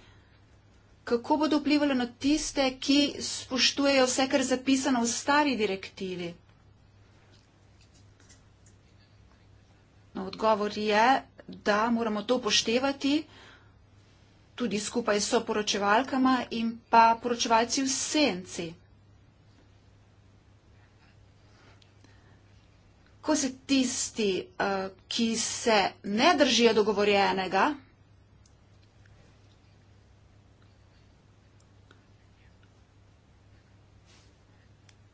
Kako bodo vplivali na tiste, ki spoštujejo vse, kar je zapisano v stari direktivi? No, odgovor je, da moramo to poštevati tudi skupaj s poročevalkama in pa poročevalci v senci. Ko se tisti, eh, ki se ne držijo dogovorjenega,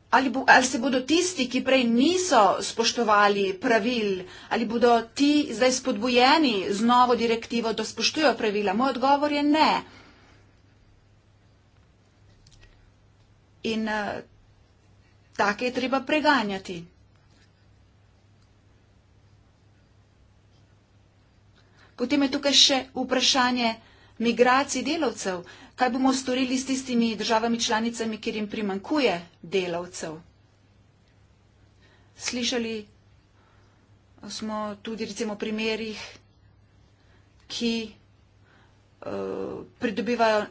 Ali, bo, ali se bodo tisti, ki prej niso spoštovali pravil, ali bodo ti zdaj spodbujeni z novo direktivo, da spoštujo pravila? Moj odgovor je ne. In uh, take je treba preganjati. Potem je tukaj še vprašanje migracij delavcev. Uh, Kaj bomo storili s tistimi državami članicami, kjer jim primankuje delavcev? Slišali smo tudi recimo o primerih, ki uh, pridobivajo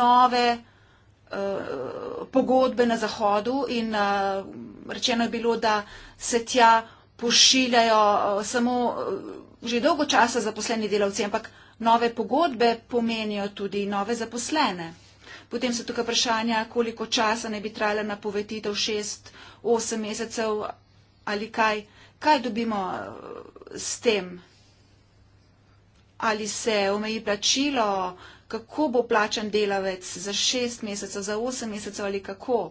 nove uh, pogodbe na Zahodu in uh, rečeno je bilo, da se tja pošiljajo uh, samo uh, že dolgo časa zaposleni delavci, ampak nove pogodbe pomenijo tudi nove zaposlene. Potem so tukaj vprašanja, koliko časa ne bi trajala napovetitev, šest, osem mesecev ali kaj. Kaj dobimo eh, s tem? Ali se omeji plačilo, kako bo plačan delavec za šest mesecev, za osem mesecev ali kako?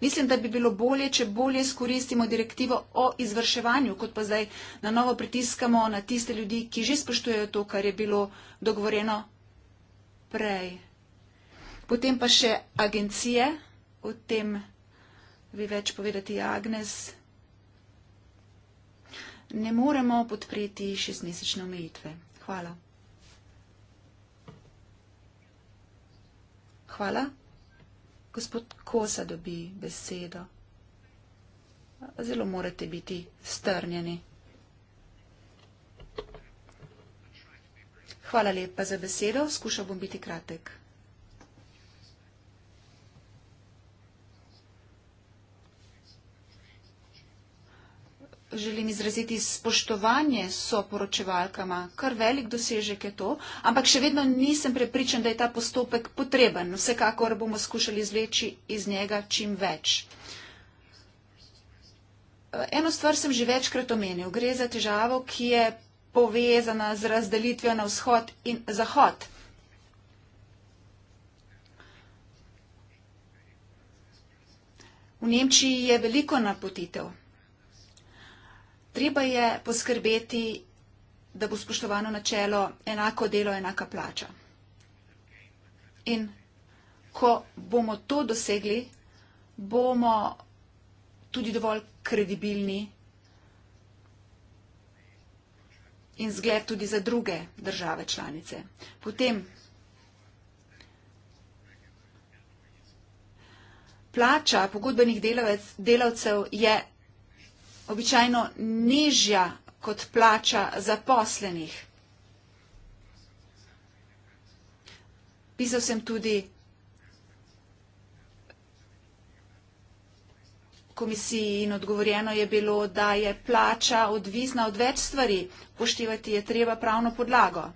Mislim, da bi bilo bolje, če bolje skoristimo direktivo o izvrševanju, kot pa zdaj na novo pritiskamo na tiste ljudi, ki že spoštujejo to, kar je bilo dogovoreno prej. Potem pa še agencije, o tem bi več povedati Agnes. Ne moremo podpreti šestmesečne omejitve. Hvala. Hvala. Gospod Kosa dobi besedo. Zelo morate biti strnjeni. Hvala lepa za besedo. Skušal bom biti kratek. želim izraziti spoštovanje soporočevalkama, kar velik dosežek je to, ampak še vedno nisem prepričan, da je ta postopek potreben. Vsekakor bomo skušali izvleči iz njega čim več. Eno stvar sem že večkrat omenil. Gre za težavo, ki je povezana z razdelitvijo na vzhod in zahod. V Nemčiji je veliko napotitev. Treba je poskrbeti, da bo spoštovano načelo enako delo, enaka plača. In ko bomo to dosegli, bomo tudi dovolj kredibilni in zgled tudi za druge države članice. Potem plača pogodbenih delavec, delavcev je običajno nižja kot plača zaposlenih. Pisal sem tudi komisiji in odgovorjeno je bilo, da je plača odvisna od več stvari, poštevati je treba pravno podlago.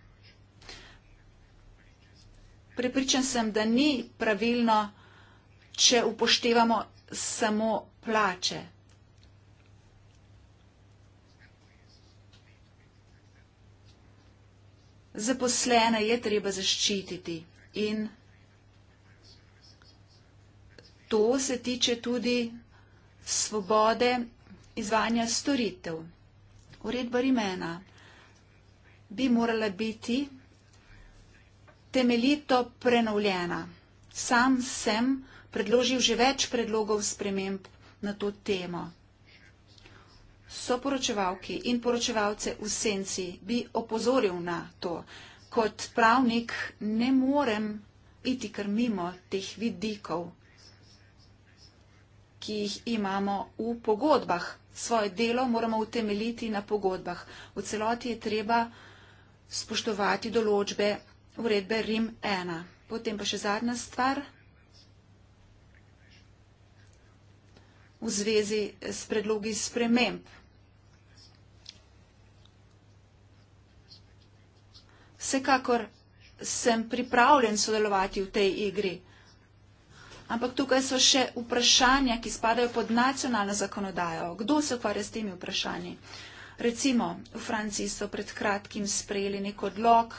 Prepričan sem, da ni pravilno, če upoštevamo samo plače. zaposlene je treba zaščititi in to se tiče tudi svobode izvanja storitev. Uredba rimena bi morala biti temeljito prenovljena. Sam sem predložil že več predlogov sprememb na to temo so poročevalki in poročevalce v senci, bi opozoril na to. Kot pravnik ne morem iti kar mimo teh vidikov, ki jih imamo v pogodbah. Svoje delo moramo utemeljiti na pogodbah. V celoti je treba spoštovati določbe uredbe Rim 1. Potem pa še zadnja stvar, v zvezi s predlogi sprememb. Vsekakor sem pripravljen sodelovati v tej igri, ampak tukaj so še vprašanja, ki spadajo pod nacionalno zakonodajo. Kdo se ukvarja s temi vprašanji? Recimo, v Franciji so pred kratkim sprejeli nek odlog,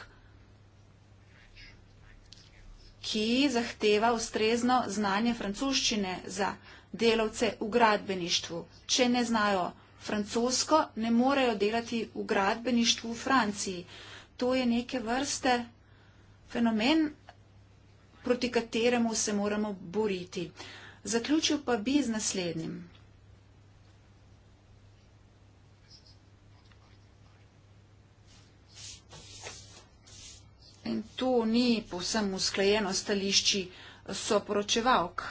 ki zahteva ustrezno znanje francoščine za delavce v gradbeništvu. Če ne znajo francosko, ne morejo delati v gradbeništvu v Franciji. To je neke vrste fenomen, proti kateremu se moramo boriti. Zaključil pa bi z naslednjim. In to ni povsem usklajeno stališči soporočevalk.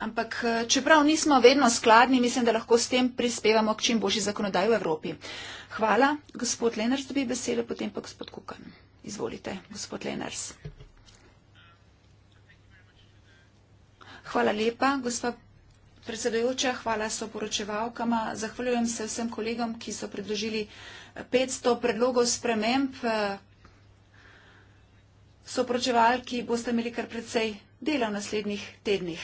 Ampak eh, čeprav nismo vedno skladni, mislim, da lahko s tem prispevamo k čim boljši zakonodaji v Evropi. Hvala. Gospod Lenars dobi besedo, potem pa gospod Kukan. Izvolite, gospod Lenars. Hvala lepa, gospa predsedojoča. Hvala so poročevalkama. Zahvaljujem se vsem kolegom, ki so predložili 500 eh, predlogov sprememb. Eh, soporočevalki boste imeli kar precej dela v naslednjih tednih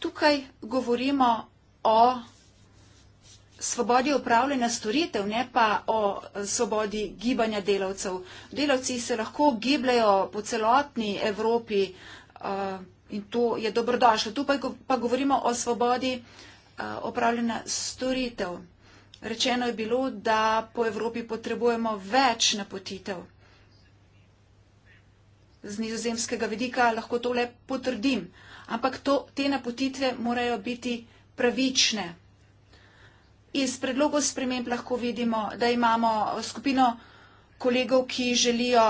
tukaj govorimo o svobodi upravljanja storitev, ne pa o svobodi gibanja delavcev. Delavci se lahko gibljajo po celotni Evropi uh, in to je dobrodošlo. Tu pa govorimo o svobodi uh, upravljanja storitev. Rečeno je bilo, da po Evropi potrebujemo več napotitev. Z nizozemskega vidika lahko tole potrdim. Uh, ampak to, te napotitve morajo biti pravične. Iz predlogov sprememb lahko vidimo, da imamo skupino kolegov, ki želijo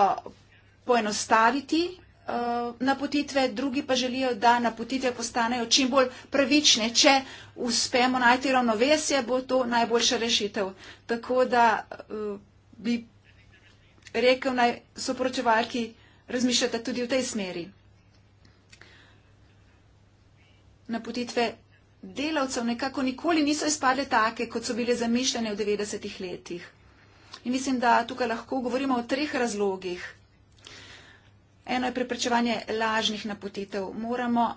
poenostaviti eh, napotitve, drugi pa želijo, da napotitve postanejo čim bolj pravične. Če uspemo najti ravnovesje, bo to najboljša rešitev. Tako da eh, bi rekel naj soporočevalki, razmišljate tudi v tej smeri. napotitve delavcev nekako nikoli niso izpadle take, kot so bile zamišljene v 90-ih letih. In mislim, da tukaj lahko govorimo o treh razlogih. Eno je preprečevanje lažnih napotitev. Moramo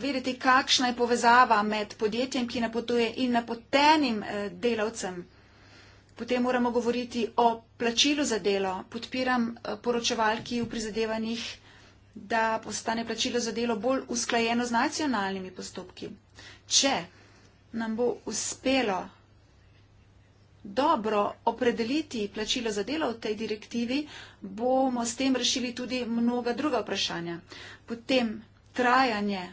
vedeti, kakšna je povezava med podjetjem, ki napotuje in napotenim eh, delavcem. Potem moramo govoriti o plačilu za delo. Podpiram eh, poročevalki v prizadevanjih da postane plačilo za delo bolj usklajeno z nacionalnimi postopki. Če nam bo uspelo dobro opredeliti plačilo za delo v tej direktivi, bomo s tem rešili tudi mnoga druga vprašanja. Potem trajanje,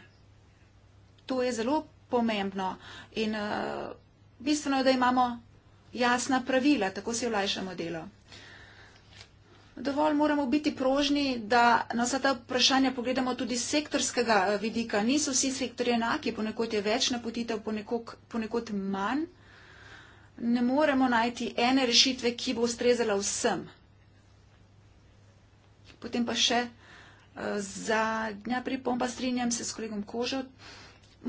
to je zelo pomembno in uh, bistveno je, da imamo jasna pravila, tako si olajšamo delo. Dovolj moramo biti prožni, da na vsa ta vprašanja pogledamo tudi z sektorskega eh, vidika. Niso vsi sektori enaki, ponekod je več napotitev, ponekod, ponekod manj. Ne moremo najti ene rešitve, ki bo ustrezala vsem. Potem pa še eh, zadnja pripomba, strinjam se s kolegom Kožo.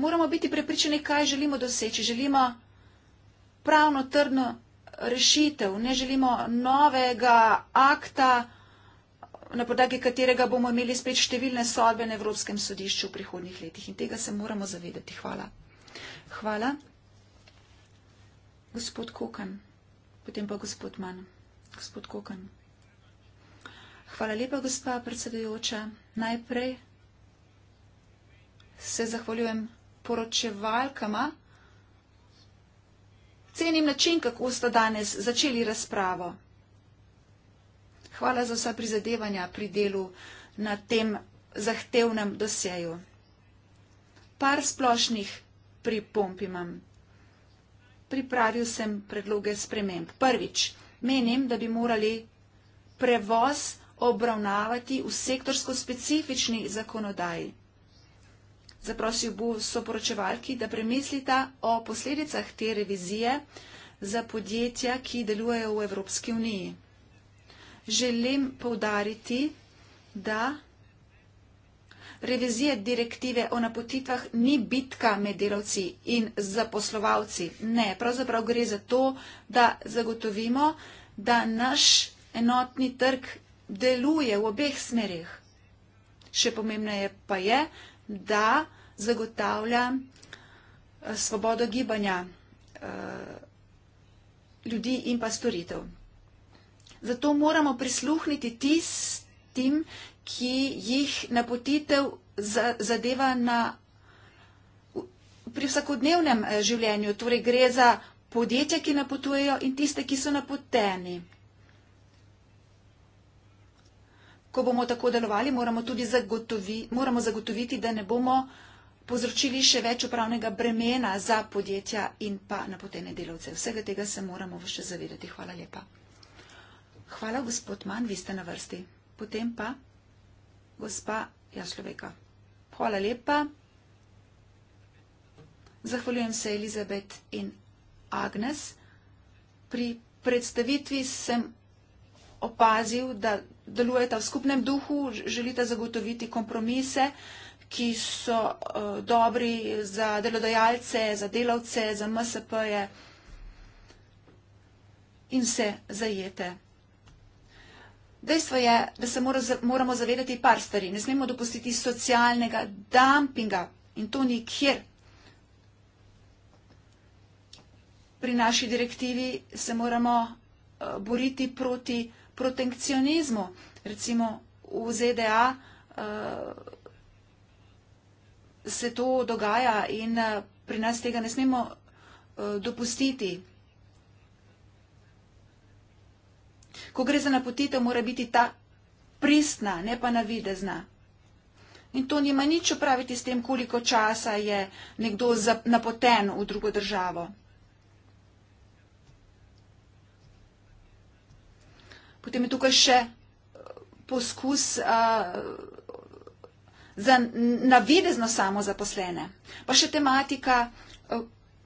Moramo biti prepričani, kaj želimo doseči. Želimo pravno, trdno rešitev, ne želimo novega akta, na podlagi katerega bomo imeli spet številne sodbe na Evropskem sodišču v prihodnjih letih. In tega se moramo zavedati. Hvala. Hvala. Gospod Kokan, potem pa gospod Man. Gospod Kokan. Hvala lepa, gospa predsedujoča. Najprej se zahvaljujem poročevalkama. Cenim način, kako ste danes začeli razpravo. Hvala za vsa prizadevanja pri delu na tem zahtevnem doseju. Par splošnih pripomp imam. Pripravil sem predloge sprememb. Prvič, menim, da bi morali prevoz obravnavati v sektorsko specifični zakonodaji zaprosil bo soporočevalki, da premislita o posledicah te revizije za podjetja, ki delujejo v Evropski uniji. Želim povdariti, da revizija direktive o napotitvah ni bitka med delavci in zaposlovalci. Ne, pravzaprav gre za to, da zagotovimo, da naš enotni trg deluje v obeh smerih. Še pomembneje pa je, da zagotavlja eh, svobodo gibanja eh, ljudi in pa storitev. Zato moramo prisluhniti tistim, ki jih napotitev zadeva na, pri vsakodnevnem eh, življenju. Torej gre za podjetja, ki napotujejo in tiste, ki so napoteni. ko bomo tako delovali, moramo tudi zagotovi, moramo zagotoviti, da ne bomo povzročili še več upravnega bremena za podjetja in pa napotene delavce. Vsega tega se moramo še zavedati. Hvala lepa. Hvala, gospod Man, vi ste na vrsti. Potem pa gospa Jasloveka. Hvala lepa. Zahvaljujem se Elizabet in Agnes. Pri predstavitvi sem opazil, da delujete v skupnem duhu, želite zagotoviti kompromise, ki so uh, dobri za delodajalce, za delavce, za MSP-je in se zajete. Dejstvo je, da se mora, moramo zavedati par stvari. Ne smemo dopustiti socialnega dumpinga in to nikjer. Pri naši direktivi se moramo uh, boriti proti uh, protekcionizmu, recimo v ZDA, uh, eh, se to dogaja in uh, pri nas tega ne smemo uh, dopustiti. Ko gre za napotitev, mora biti ta pristna, ne pa navidezna. In to nima nič opraviti s tem, koliko časa je nekdo napoten v drugo državo. Potem je tukaj še eh, poskus uh, za navidezno samo zaposlene. Pa še tematika uh,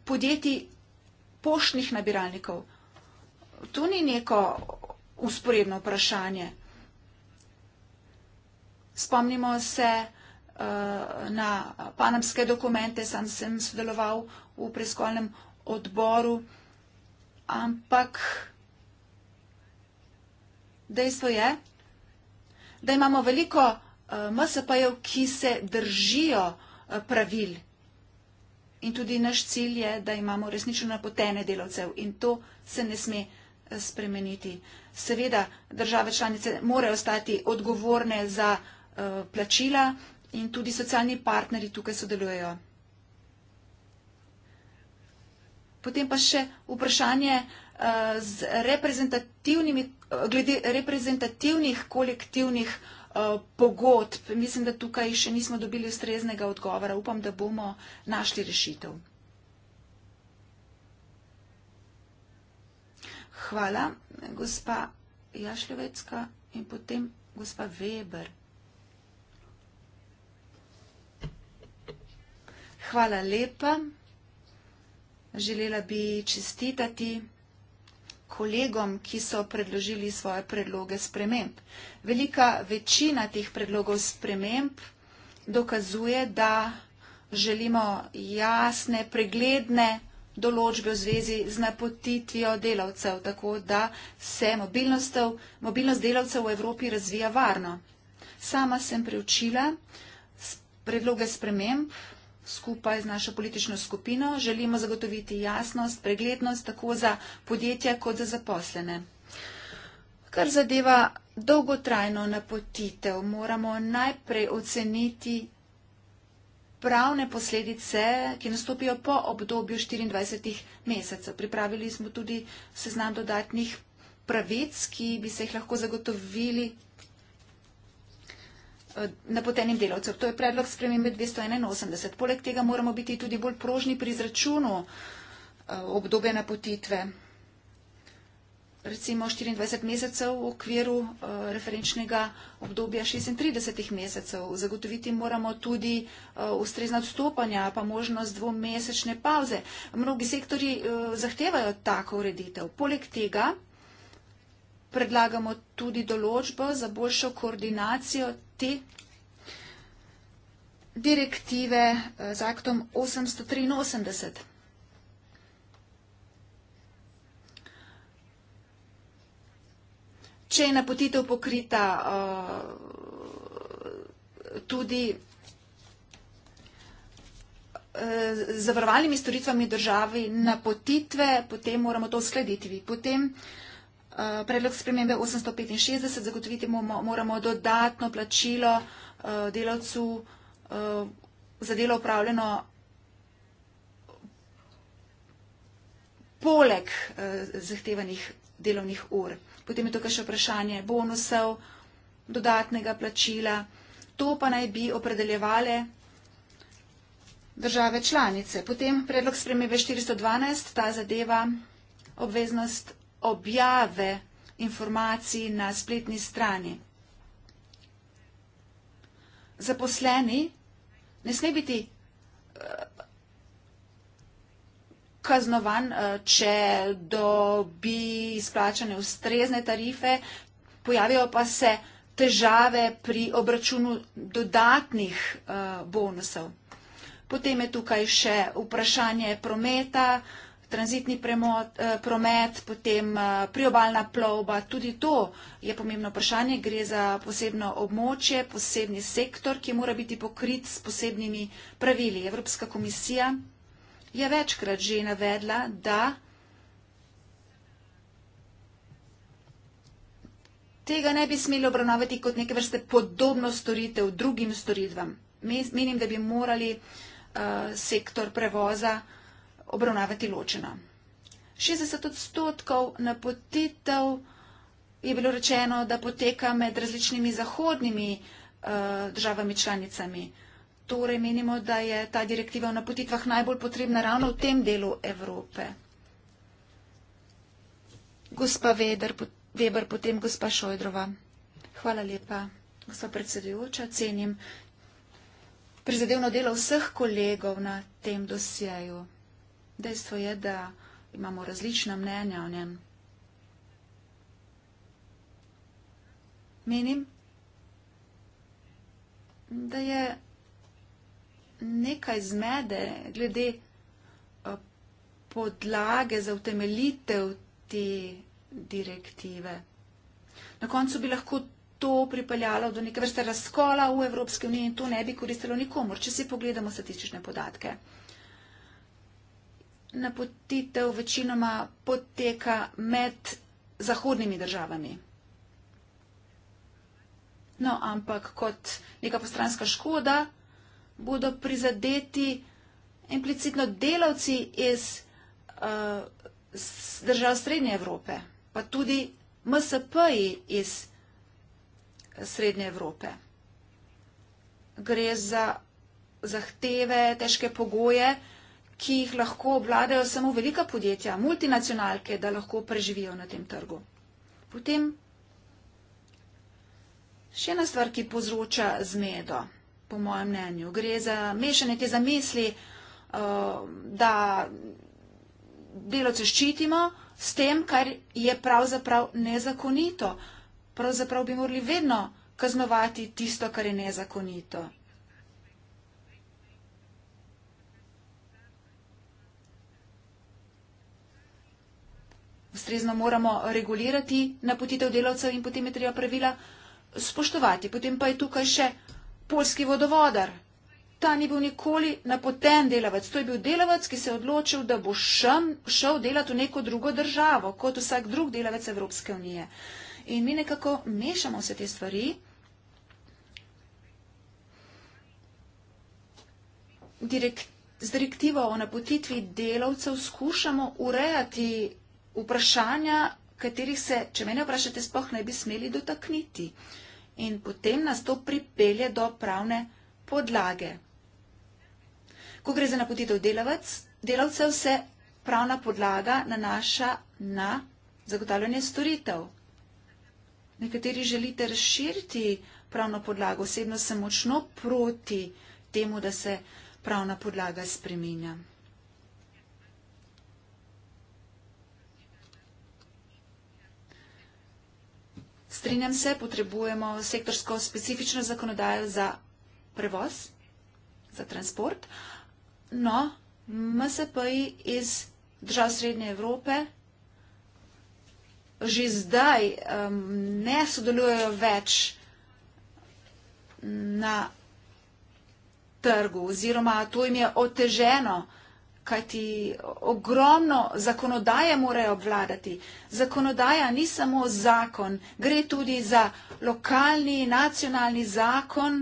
podjetij poštnih nabiralnikov. To ni neko usporedno vprašanje. Spomnimo se uh, na panamske dokumente, sam sem sodeloval v preskolnem odboru, ampak. Dejstvo je, da imamo veliko eh, MSP-jev, ki se držijo eh, pravil. In tudi naš cilj je, da imamo resnično napotene delavcev in to se ne sme eh, spremeniti. Seveda države članice morajo ostati odgovorne za plačila in tudi socialni partneri tukaj sodelujejo. Potem pa še vprašanje z reprezentativnimi glede reprezentativnih kolektivnih eh, pogodb, mislim, da tukaj še nismo dobili ustreznega odgovora. Upam, da bomo našli rešitev. Hvala, gospa Jašljevecka in potem gospa Weber. Hvala lepa. Želela bi čestitati kolegom, ki so predložili svoje predloge sprememb. Velika večina teh predlogov sprememb dokazuje, da želimo jasne, pregledne določbe v zvezi z napotitvijo delavcev, tako da se mobilnost delavcev v Evropi razvija varno. Sama sem preučila predloge sprememb skupaj z našo politično skupino želimo zagotoviti jasnost, preglednost tako za podjetje kot za zaposlene. Kar zadeva dolgotrajno napotitev, moramo najprej oceniti pravne posledice, ki nastopijo po obdobju 24 mesecev. Pripravili smo tudi seznam dodatnih pravic, ki bi se jih lahko zagotovili Eh, napotenim delavcev. To je predlog spremembe 281. Poleg tega moramo biti tudi bolj prožni pri izračunu eh, obdobja napotitve. Recimo 24 mesecev v okviru eh, referenčnega obdobja 36 mesecev. Zagotoviti moramo tudi ustrezna odstopanja, pa možnost dvomesečne pauze. Mnogi sektori zahtevajo tako ureditev. Poleg tega predlagamo tudi določbo za boljšo koordinacijo te direktive eh, z aktom 883. Če je napotitev pokrita eh, tudi eh, z zavarovalnimi storitvami državi napotitve, potem moramo to uskladiti. Potem Eh, predlog spremembe 865 zagotoviti moramo dodatno plačilo eh, delavcu eh, za delo upravljeno poleg zahtevanih delovnih ur. Potem je tukaj še vprašanje bonusov, dodatnega plačila. To pa naj bi opredeljevale države članice. Potem predlog spremljive 412, ta zadeva obveznost objave informacij na spletni strani. Zaposleni ne sme biti eh, kaznovan, eh, če dobi izplačane ustrezne tarife, pojavijo pa se težave pri obračunu dodatnih eh, bonusov. Potem je tukaj še vprašanje prometa, tranzitni premot, eh, promet, potem eh, priobalna plovba. Tudi to je pomembno vprašanje. Gre za posebno območje, posebni sektor, ki mora biti pokrit s posebnimi pravili. Evropska komisija je večkrat že navedla, da tega ne bi smeli obravnavati kot neke vrste podobno storitev drugim storitvam. Menim, da bi morali eh, sektor prevoza obravnavati ločena. 60 odstotkov napotitev je bilo rečeno, da poteka med različnimi zahodnimi eh, državami članicami. Torej menimo, da je ta direktiva v napotitvah najbolj potrebna ravno v tem delu Evrope. Gospa Weber, potem gospa Šojdrova. Hvala lepa, gospa predsedujoča, cenim prizadevno delo vseh kolegov na tem dosjeju. Dejstvo je, da imamo različna mnenja o njem. Menim, da je nekaj zmede glede eh, podlage za utemelitev te direktive. Na koncu bi lahko to pripeljalo do neke vrste razkola v Evropske unije in to ne bi koristilo nikomor, če si pogledamo statistične podatke napotitev večinoma poteka med zahodnimi državami. No, ampak kot neka postranska škoda bodo prizadeti implicitno delavci iz uh, držav Srednje Evrope, pa tudi MSP-ji iz eh, Srednje Evrope. Gre za zahteve, težke pogoje, uh, ki jih lahko obvladajo samo velika podjetja, multinacionalke, da lahko preživijo na tem trgu. Potem še ena stvar, ki povzroča zmedo, po mojem mnenju. Gre za mešanje te zamisli, eh, da delovce ščitimo s tem, kar je pravzaprav nezakonito. Pravzaprav bi morali vedno kaznovati tisto, kar je nezakonito. ustrezno moramo regulirati napotitev delavcev in potem je treba pravila spoštovati. Potem pa je tukaj še polski vodovodar. Ta ni bil nikoli napoten delavec. To je bil delavec, ki se je odločil, da bo šem, šel delati v neko drugo državo, kot vsak drug delavec Evropske unije. In mi nekako mešamo vse te stvari. Direkt, z direktivo o napotitvi delavcev skušamo urejati vprašanja, katerih se, če mene vprašate, sploh ne bi smeli dotakniti. In potem nas to pripelje do pravne podlage. Ko gre za napotitev delavec, delavcev, se pravna podlaga nanaša na zagotavljanje storitev. Nekateri želite razširiti pravno podlago. Osebno sem močno proti temu, da se pravna podlaga spreminja. strinjam se, potrebujemo sektorsko specifično zakonodajo za prevoz, za transport. No, MSP-ji iz držav Srednje Evrope že zdaj um, ne sodelujejo več na trgu oziroma to jim je oteženo kajti ogromno zakonodaje morajo vladati. Zakonodaja ni samo zakon, gre tudi za lokalni, nacionalni zakon,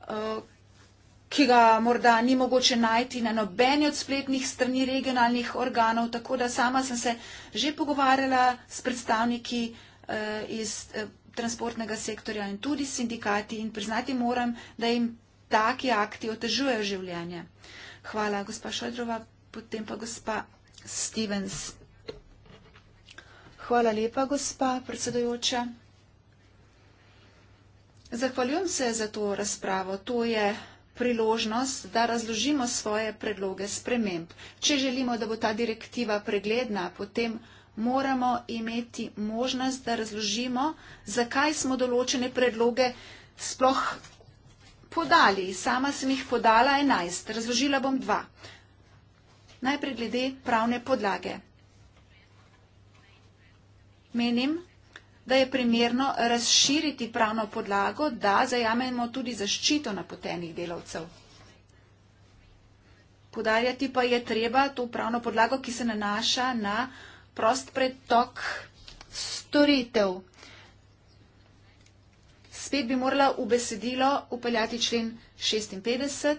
eh, ki ga morda ni mogoče najti na nobeni od spletnih strani regionalnih organov, tako da sama sem se že pogovarjala s predstavniki eh, iz eh, transportnega sektorja in tudi sindikati in priznati moram, da jim taki akti otežujejo življenje. Uh, Hvala, gospa Šodrova. Potem pa gospa Stevens. Hvala lepa, gospa predsedojoča. Zahvaljujem se za to razpravo. To je priložnost, da razložimo svoje predloge sprememb. Če želimo, da bo ta direktiva pregledna, potem moramo imeti možnost, da razložimo, zakaj smo določene predloge sploh podali. Sama sem jih podala 11. Razložila bom dva. Najprej glede pravne podlage. Menim, da je primerno razširiti pravno podlago, da zajamemo tudi zaščito napotenih delavcev. Podarjati pa je treba to pravno podlago, ki se nanaša na prost pretok storitev spet bi morala v besedilo upeljati člen 56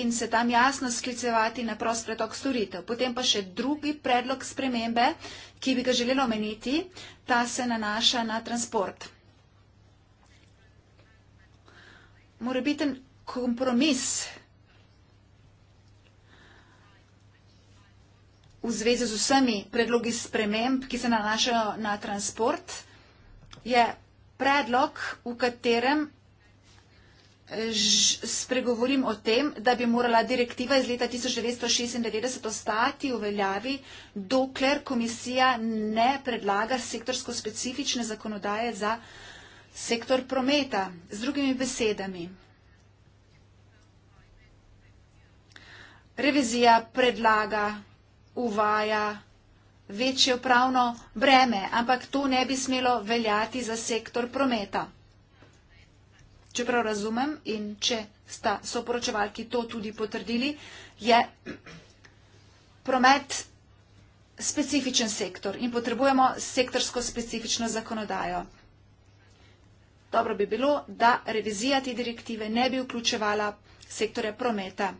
in se tam jasno sklicevati na prost pretok storitev. Potem pa še drugi predlog spremembe, ki bi ga želelo omeniti, ta se nanaša na transport. Mora biti en kompromis v zvezi z vsemi predlogi sprememb, ki se nanašajo na transport, je predlog, v katerem spregovorim o tem, da bi morala direktiva iz leta 1996 ostati v veljavi, dokler komisija ne predlaga sektorsko specifične zakonodaje za sektor prometa. Z drugimi besedami. Revizija predlaga, uvaja, predlaga, večje upravno breme, ampak to ne bi smelo veljati za sektor prometa. Čeprav razumem in če sta soporočevalki to tudi potrdili, je [CLEARS THROAT] promet specifičen sektor in potrebujemo sektorsko specifično zakonodajo. Dobro bi bilo, da revizija te direktive ne bi vključevala sektorja prometa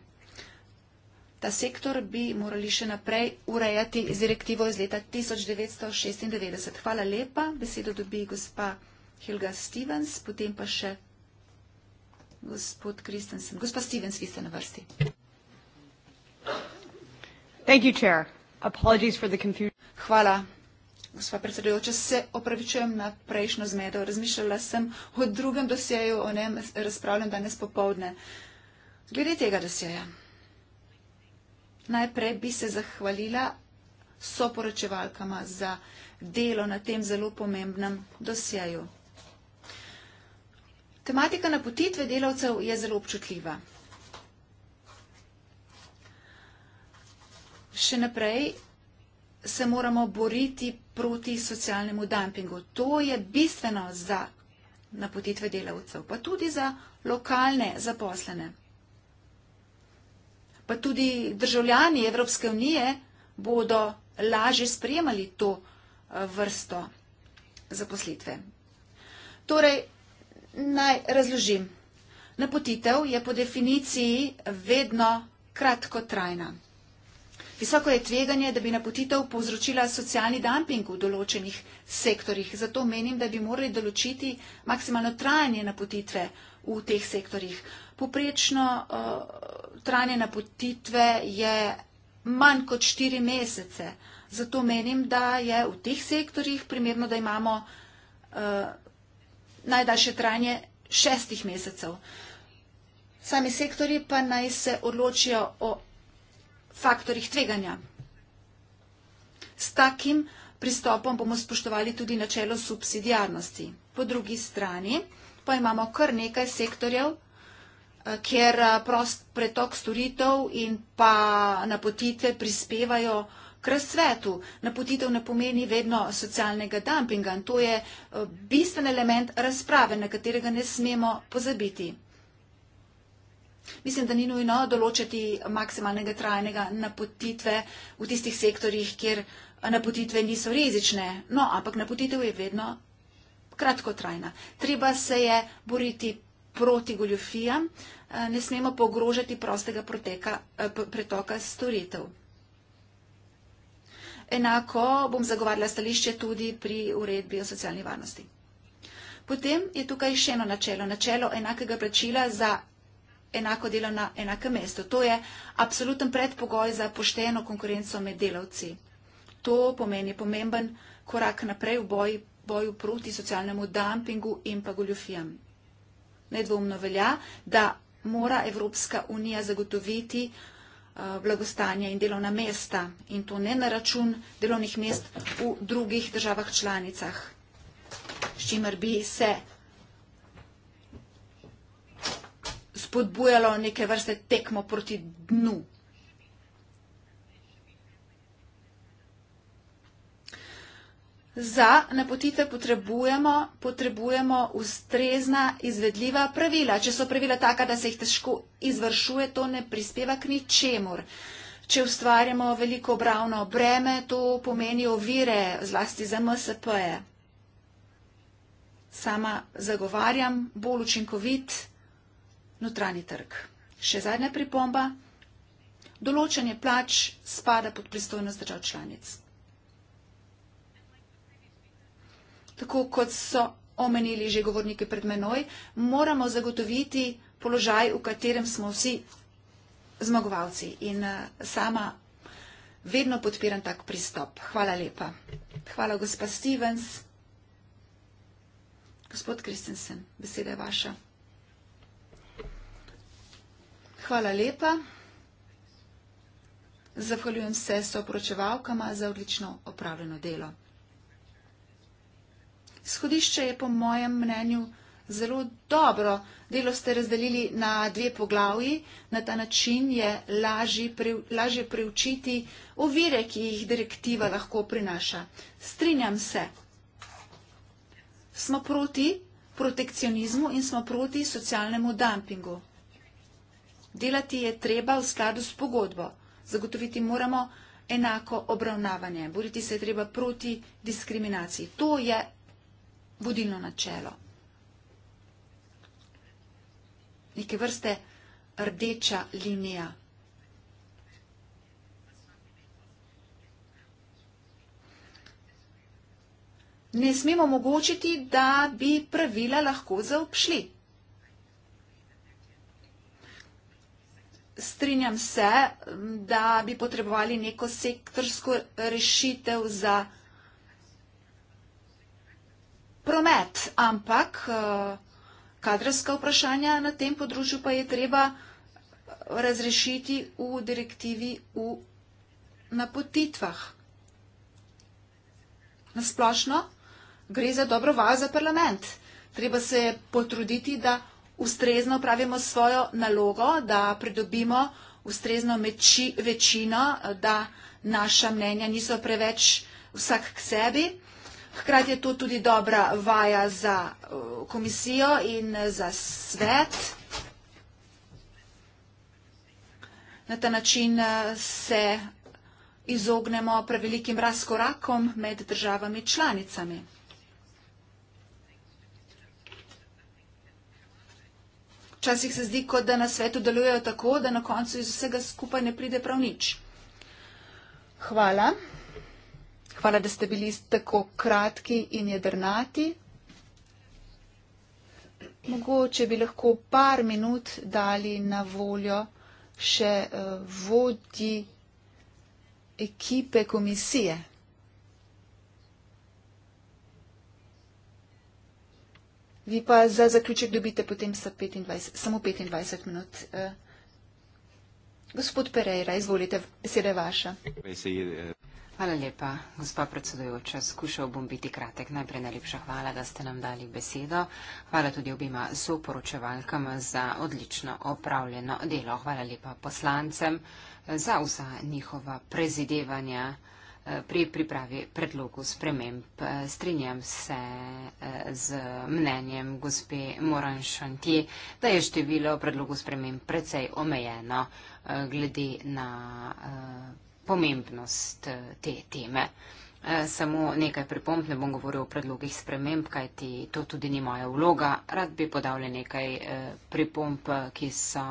ta sektor bi morali še naprej urejati z direktivo iz leta 1996. Hvala lepa. Besedo dobi gospa Helga Stevens, potem pa še gospod Kristensen. Gospa Stevens, vi ste na vrsti. Thank you, chair. Apologies for the confusion. Hvala. Gospa predsedujoča, se opravičujem na prejšnjo zmedo. Razmišljala sem o drugem dosjeju, o njem razpravljam danes popovdne. Glede tega dosjeja. Najprej bi se zahvalila soporočevalkama za delo na tem zelo pomembnem dosjeju. Tematika napotitve delavcev je zelo občutljiva. Še naprej se moramo boriti proti socialnemu dumpingu. To je bistveno za napotitve delavcev, pa tudi za lokalne zaposlene pa tudi državljani Evropske unije bodo lažje sprejemali to eh, vrsto zaposlitve. Torej, naj razložim. Napotitev je po definiciji vedno kratkotrajna. Visoko je tveganje, da bi napotitev povzročila socialni dumping v določenih sektorjih. Zato menim, da bi morali določiti maksimalno trajanje napotitve v teh sektorjih. Poprečno uh, eh, trajanje napotitve je manj kot 4 mesece. Zato menim, da je v teh sektorjih primerno, da imamo uh, najdaljše trajanje 6 mesecev. Sami sektori pa naj se odločijo o faktorjih tveganja. S takim pristopom bomo spoštovali tudi načelo subsidijarnosti. Po drugi strani pa imamo kar nekaj sektorjev, Eh, kjer eh, prost pretok storitev in pa napotitve prispevajo k razsvetu. Napotitev ne pomeni vedno socialnega dumpinga in to je eh, bistven element razprave, na katerega ne smemo pozabiti. Mislim, da ni nujno določiti maksimalnega trajnega napotitve v tistih sektorjih, kjer napotitve niso rizične, no, ampak napotitev je vedno kratkotrajna. Treba se je boriti proti goljofijam, eh, ne smemo pa ogrožati prostega eh, pretoka storitev. Enako bom zagovarjala stališče tudi pri uredbi o socialni varnosti. Potem je tukaj še eno načelo, načelo enakega plačila za enako delo na enakem mestu. To je absoluten predpogoj za pošteno konkurenco med delavci. To pomeni pomemben korak naprej v boju proti socialnemu dumpingu in pa goljofijam nedvomno velja, da mora Evropska unija zagotoviti eh, blagostanje in delovna mesta in to ne na račun delovnih mest v drugih državah članicah, s čimer bi se spodbujalo neke vrste tekmo proti dnu. Za napotitve potrebujemo, potrebujemo ustrezna, izvedljiva pravila. Če so pravila taka, da se jih težko izvršuje, to ne prispeva k ničemur. Če ustvarjamo veliko obravno breme, to pomeni ovire, zlasti za MSP-je. Sama zagovarjam bolj učinkovit notranji trg. Še zadnja pripomba. Določanje plač spada pod pristojnost držav članic. tako kot so omenili že govorniki pred menoj, moramo zagotoviti položaj, v katerem smo vsi zmagovalci. In eh, sama vedno podpiram tak pristop. Hvala lepa. Hvala, gospa Stevens. Gospod Kristensen, beseda je vaša. Hvala lepa. Zahvaljujem se soporočevalkama za odlično opravljeno delo. Skodišče je po mojem mnenju zelo dobro. Delo ste razdelili na dve poglavji. Na ta način je lažje preučiti ovire, ki jih direktiva lahko prinaša. Strinjam se. Smo proti protekcionizmu in smo proti socialnemu dumpingu. Delati je treba v skladu s pogodbo. Zagotoviti moramo enako obravnavanje. Boriti se je treba proti diskriminaciji. To je vodilno načelo. Neke vrste rdeča linija. Ne smemo omogočiti, da bi pravila lahko zaopšli. Strinjam se, da bi potrebovali neko sektorsko rešitev za vsega, promet, ampak eh, kadrovska vprašanja na tem področju pa je treba razrešiti v direktivi v napotitvah. Nasplošno gre za dobro vajo za parlament. Treba se potruditi, da ustrezno upravimo svojo nalogo, da pridobimo ustrezno meči, večino, da naša mnenja niso preveč vsak k sebi. Hkrati je to tudi dobra vaja za uh, komisijo in uh, za svet. Na ta način uh, se izognemo prevelikim razkorakom med državami članicami. Včasih se zdi, kot da na svetu delujejo tako, da na koncu iz vsega skupaj ne pride prav nič. Hvala. Hvala, da ste bili tako kratki in jedrnati. Mogoče bi lahko par minut dali na voljo še eh, vodji ekipe komisije. Vi pa za zaključek dobite potem 25, samo 25 minut. Eh, gospod Pereira, izvolite, beseda je vaša. Eh, Hvala lepa, gospa predsedujoča. Skušal bom biti kratek. Najprej najlepša hvala, da ste nam dali besedo. Hvala tudi obima soporočevalkam za odlično opravljeno delo. Hvala lepa poslancem eh, za vsa njihova prezidevanja eh, pri pripravi predlogu sprememb. Eh, strinjam se z mnenjem gospe Moran Šantje, da je število predlogu sprememb precej omejeno glede na pomembnost eh, te teme. Eh, samo nekaj pripomp, ne bom govoril o predlogih sprememb, kajti to tudi ni moja vloga. Rad bi podal nekaj eh, pripomp, ki so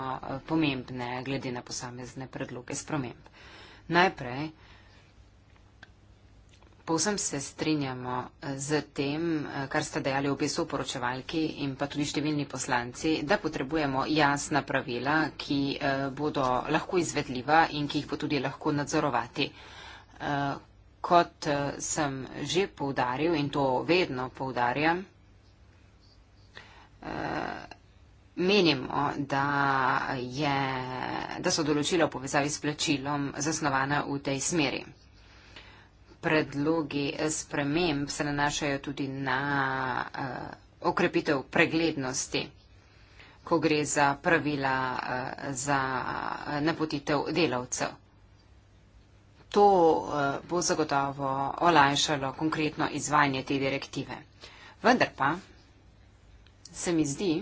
pomembne glede na posamezne predloge sprememb. Najprej, Povsem se strinjamo z eh, tem, eh, kar ste dejali v obisu poročevalki in pa tudi številni poslanci, da potrebujemo jasna pravila, ki eh, bodo lahko izvedljiva in ki jih bo tudi lahko nadzorovati. Kot sem že poudaril in to vedno poudarjam, menimo, da, je, da so določila v povezavi s plačilom zasnovana v tej smeri predlogi sprememb se nanašajo tudi na uh, okrepitev preglednosti, ko gre za pravila uh, za eh, napotitev delavcev. To uh, bo zagotovo olajšalo konkretno izvajanje te direktive. Vendar pa se mi zdi,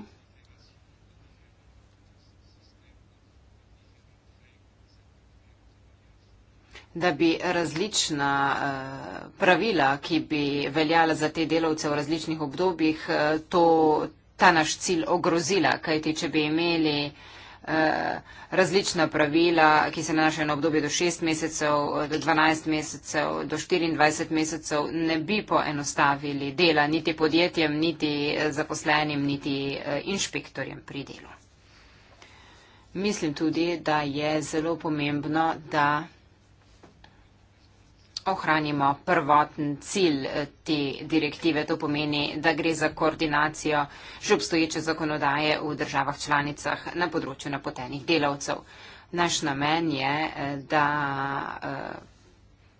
da bi različna eh, pravila, ki bi veljala za te delavce v različnih obdobjih, eh, to, ta naš cilj ogrozila, kajti če bi imeli eh, različna pravila, ki se nanašajo na obdobje do 6 mesecev, do 12 mesecev, do 24 mesecev, ne bi poenostavili dela niti podjetjem, niti zaposlenim, niti inšpektorjem pri delu. Mislim tudi, da je zelo pomembno, da ohranimo prvoten cilj eh, te direktive. To pomeni, da gre za koordinacijo že obstoječe zakonodaje v državah članicah na področju napotenih delavcev. Naš namen je, eh, da eh,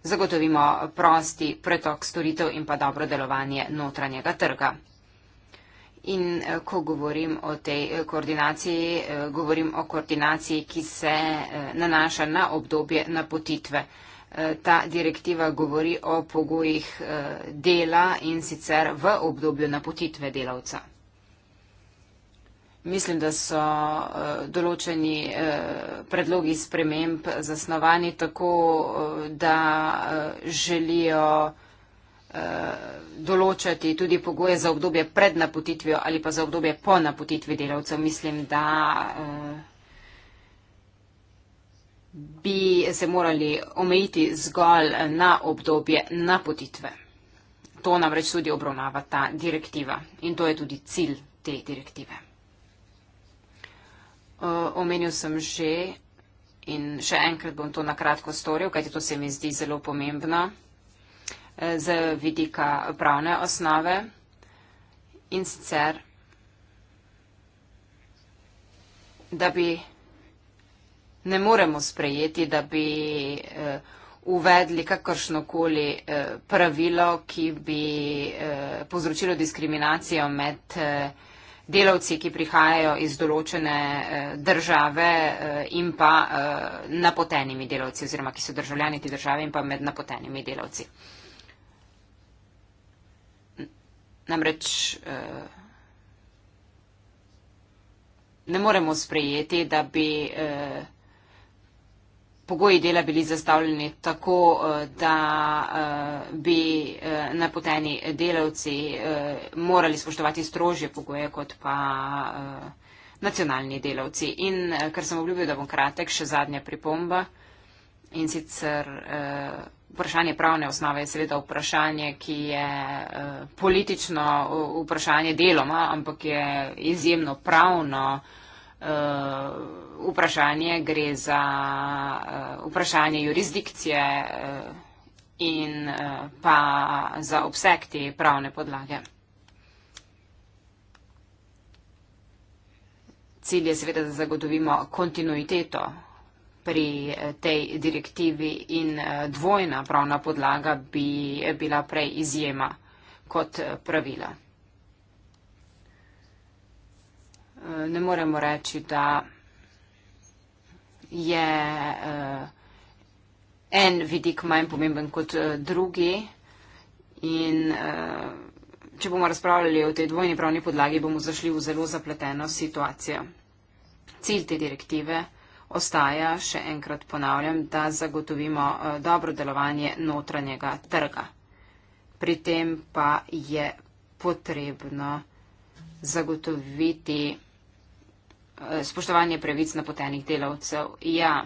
zagotovimo prosti pretok storitev in pa dobro delovanje notranjega trga. In ko govorim o tej koordinaciji, govorim o koordinaciji, ki se nanaša na obdobje napotitve. Eh, ta direktiva govori o pogojih eh, dela in sicer v obdobju napotitve delavca. Mislim, da so eh, določeni predlogi sprememb zasnovani tako, da želijo določati tudi pogoje za obdobje pred napotitvijo ali pa za obdobje po napotitvi delavcev. Mislim, da bi se morali omejiti zgolj na obdobje napotitve. To namreč tudi obravnava ta direktiva in to je tudi cilj te direktive. Omenil sem že in še enkrat bom to nakratko storil, kajti to se mi zdi zelo pomembno e, z vidika pravne osnove in sicer, da bi ne moremo sprejeti, da bi eh, uvedli kakršnokoli eh, pravilo, ki bi eh, povzročilo diskriminacijo med delavci, ki prihajajo iz določene države in pa napotenimi delavci oziroma ki so državljani te države in pa med napotenimi delavci. Namreč ne moremo sprejeti, da bi pogoji dela bili zastavljeni tako, eh, da eh, bi eh, napoteni delavci morali spoštovati strožje pogoje kot pa nacionalni delavci. In ker sem obljubil, da bom kratek, še zadnja pripomba. In sicer vprašanje pravne osnove je seveda vprašanje, ki je politično vprašanje deloma, ampak je izjemno pravno uh, vprašanje, gre za uh, vprašanje jurisdikcije uh, in uh, pa za obseg te pravne podlage. Cilj je seveda, da zagotovimo kontinuiteto pri tej direktivi in dvojna pravna podlaga bi bila prej izjema kot pravila. ne moremo reči, da je eh, en vidik manj pomemben kot eh, drugi. In eh, če bomo razpravljali o tej dvojni pravni podlagi, bomo zašli v zelo zapleteno situacijo. Cilj te direktive ostaja, še enkrat ponavljam, da zagotovimo dobro delovanje notranjega trga. Pri tem pa je potrebno zagotoviti Eh, spoštovanje pravic napotenih delavcev. Ja.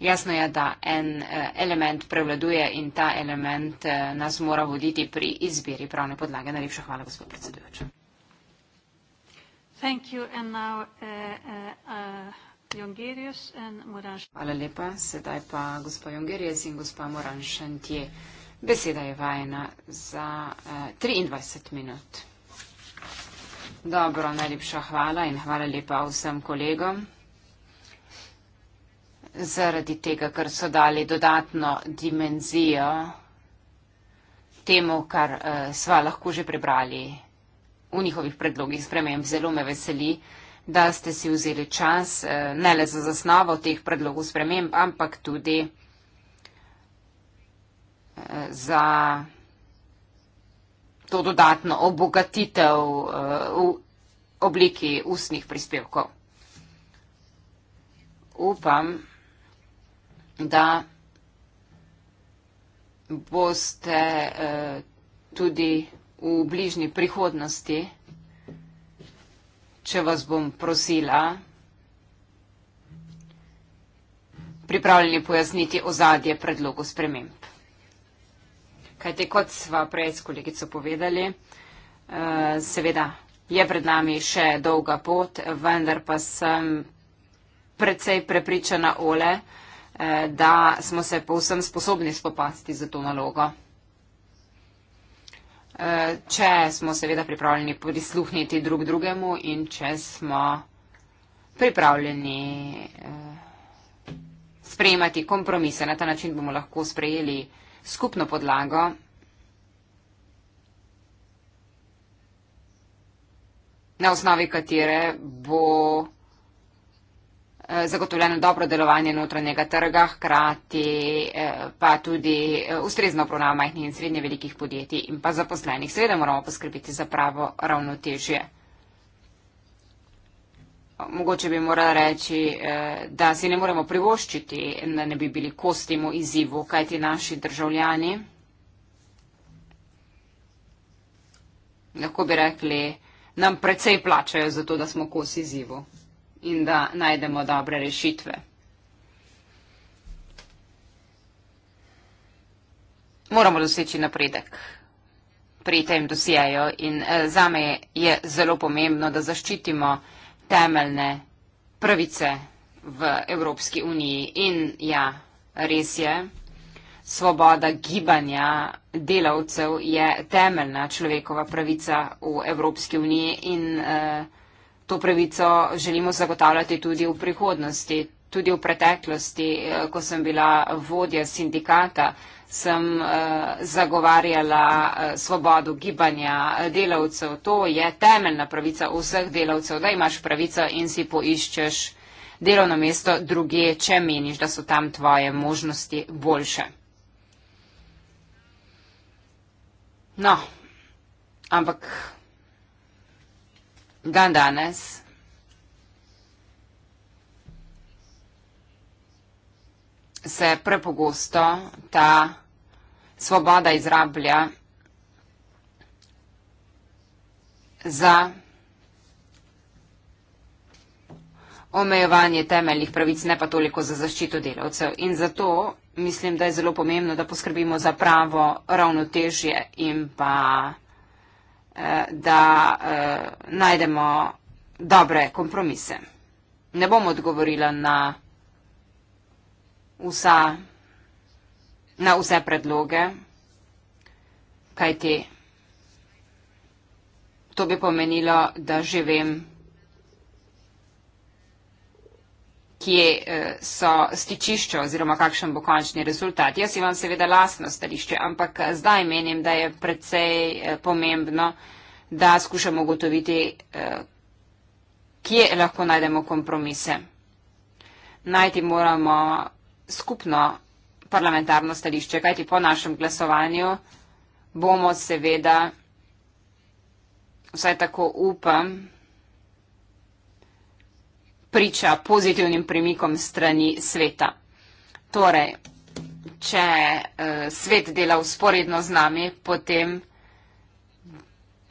Jasno je, da en eh, element prevladuje in ta element eh, nas mora voditi pri izbiri pravne podlage. Najlepša hvala, gospod predsedujoč. Hvala lepa. Sedaj pa gospa Jongerijes in gospa Moran Šantje. Beseda je vajena za 23 minut. Dobro, najlepša hvala in hvala lepa vsem kolegom zaradi tega, ker so dali dodatno dimenzijo temu, kar uh, sva lahko že prebrali v njihovih predlogih sprememb. Zelo me veseli, da ste si vzeli čas uh, ne le za zasnovo teh predlogov sprememb, ampak tudi uh, za to dodatno obogatitev eh, v obliki ustnih prispevkov. Upam, da boste eh, tudi v bližnji prihodnosti, če vas bom prosila, pripravljeni pojasniti ozadje predlogu sprememb. Kajte, kot sva prej s kolegico povedali, eh, seveda je pred nami še dolga pot, vendar pa sem predvsej prepričana ole, eh, da smo se povsem sposobni spopasti za to nalogo. Eh, če smo seveda pripravljeni prisluhniti drug drugemu in če smo pripravljeni sprejemati kompromise, na ta način bomo lahko sprejeli kompromise skupno podlago. na osnovi katere bo eh, zagotovljeno dobro delovanje notranjega trga, hkrati eh, pa tudi eh, ustrezno obravnava majhnih in srednje velikih podjetij in pa zaposlenih. Seveda moramo poskrbiti za pravo ravnotežje. Mogoče bi morala reči, eh, da si ne moremo privoščiti, da ne bi bili kos temu izzivu, kaj ti naši državljani. Lahko bi rekli, nam precej plačajo za to, da smo kos izzivu in da najdemo dobre rešitve. Moramo doseči napredek pri tem dosijaju in eh, zame je zelo pomembno, da zaščitimo temeljne pravice v Evropski uniji. In ja, res je, svoboda gibanja delavcev je temeljna človekova pravica v Evropski uniji in eh, to pravico želimo zagotavljati tudi v prihodnosti. Tudi v preteklosti, eh, ko sem bila vodja sindikata sem eh, zagovarjala eh, svobodo gibanja eh, delavcev. To je temeljna pravica vseh delavcev, da imaš pravico in si poiščeš delovno mesto druge, če meniš, da so tam tvoje možnosti boljše. No, ampak dan danes. se prepogosto ta svoboda izrablja za omejevanje temeljnih pravic, ne pa toliko za zaščito delavcev. In zato mislim, da je zelo pomembno, da poskrbimo za pravo ravnotežje in pa eh, da eh, najdemo dobre kompromise. Ne bom odgovorila na vsa na vse predloge, kajti to bi pomenilo, da že vem, kje eh, so stičišče oziroma kakšen bo končni rezultat. Jaz imam seveda lasno stališče, ampak eh, zdaj menim, da je precej eh, pomembno, da skušamo ugotoviti, kje lahko najdemo kompromise. Najti moramo skupno parlamentarno stališče, kajti po našem glasovanju bomo seveda, vsaj tako upam, priča pozitivnim premikom strani sveta. Torej, če eh, svet dela usporedno z nami, potem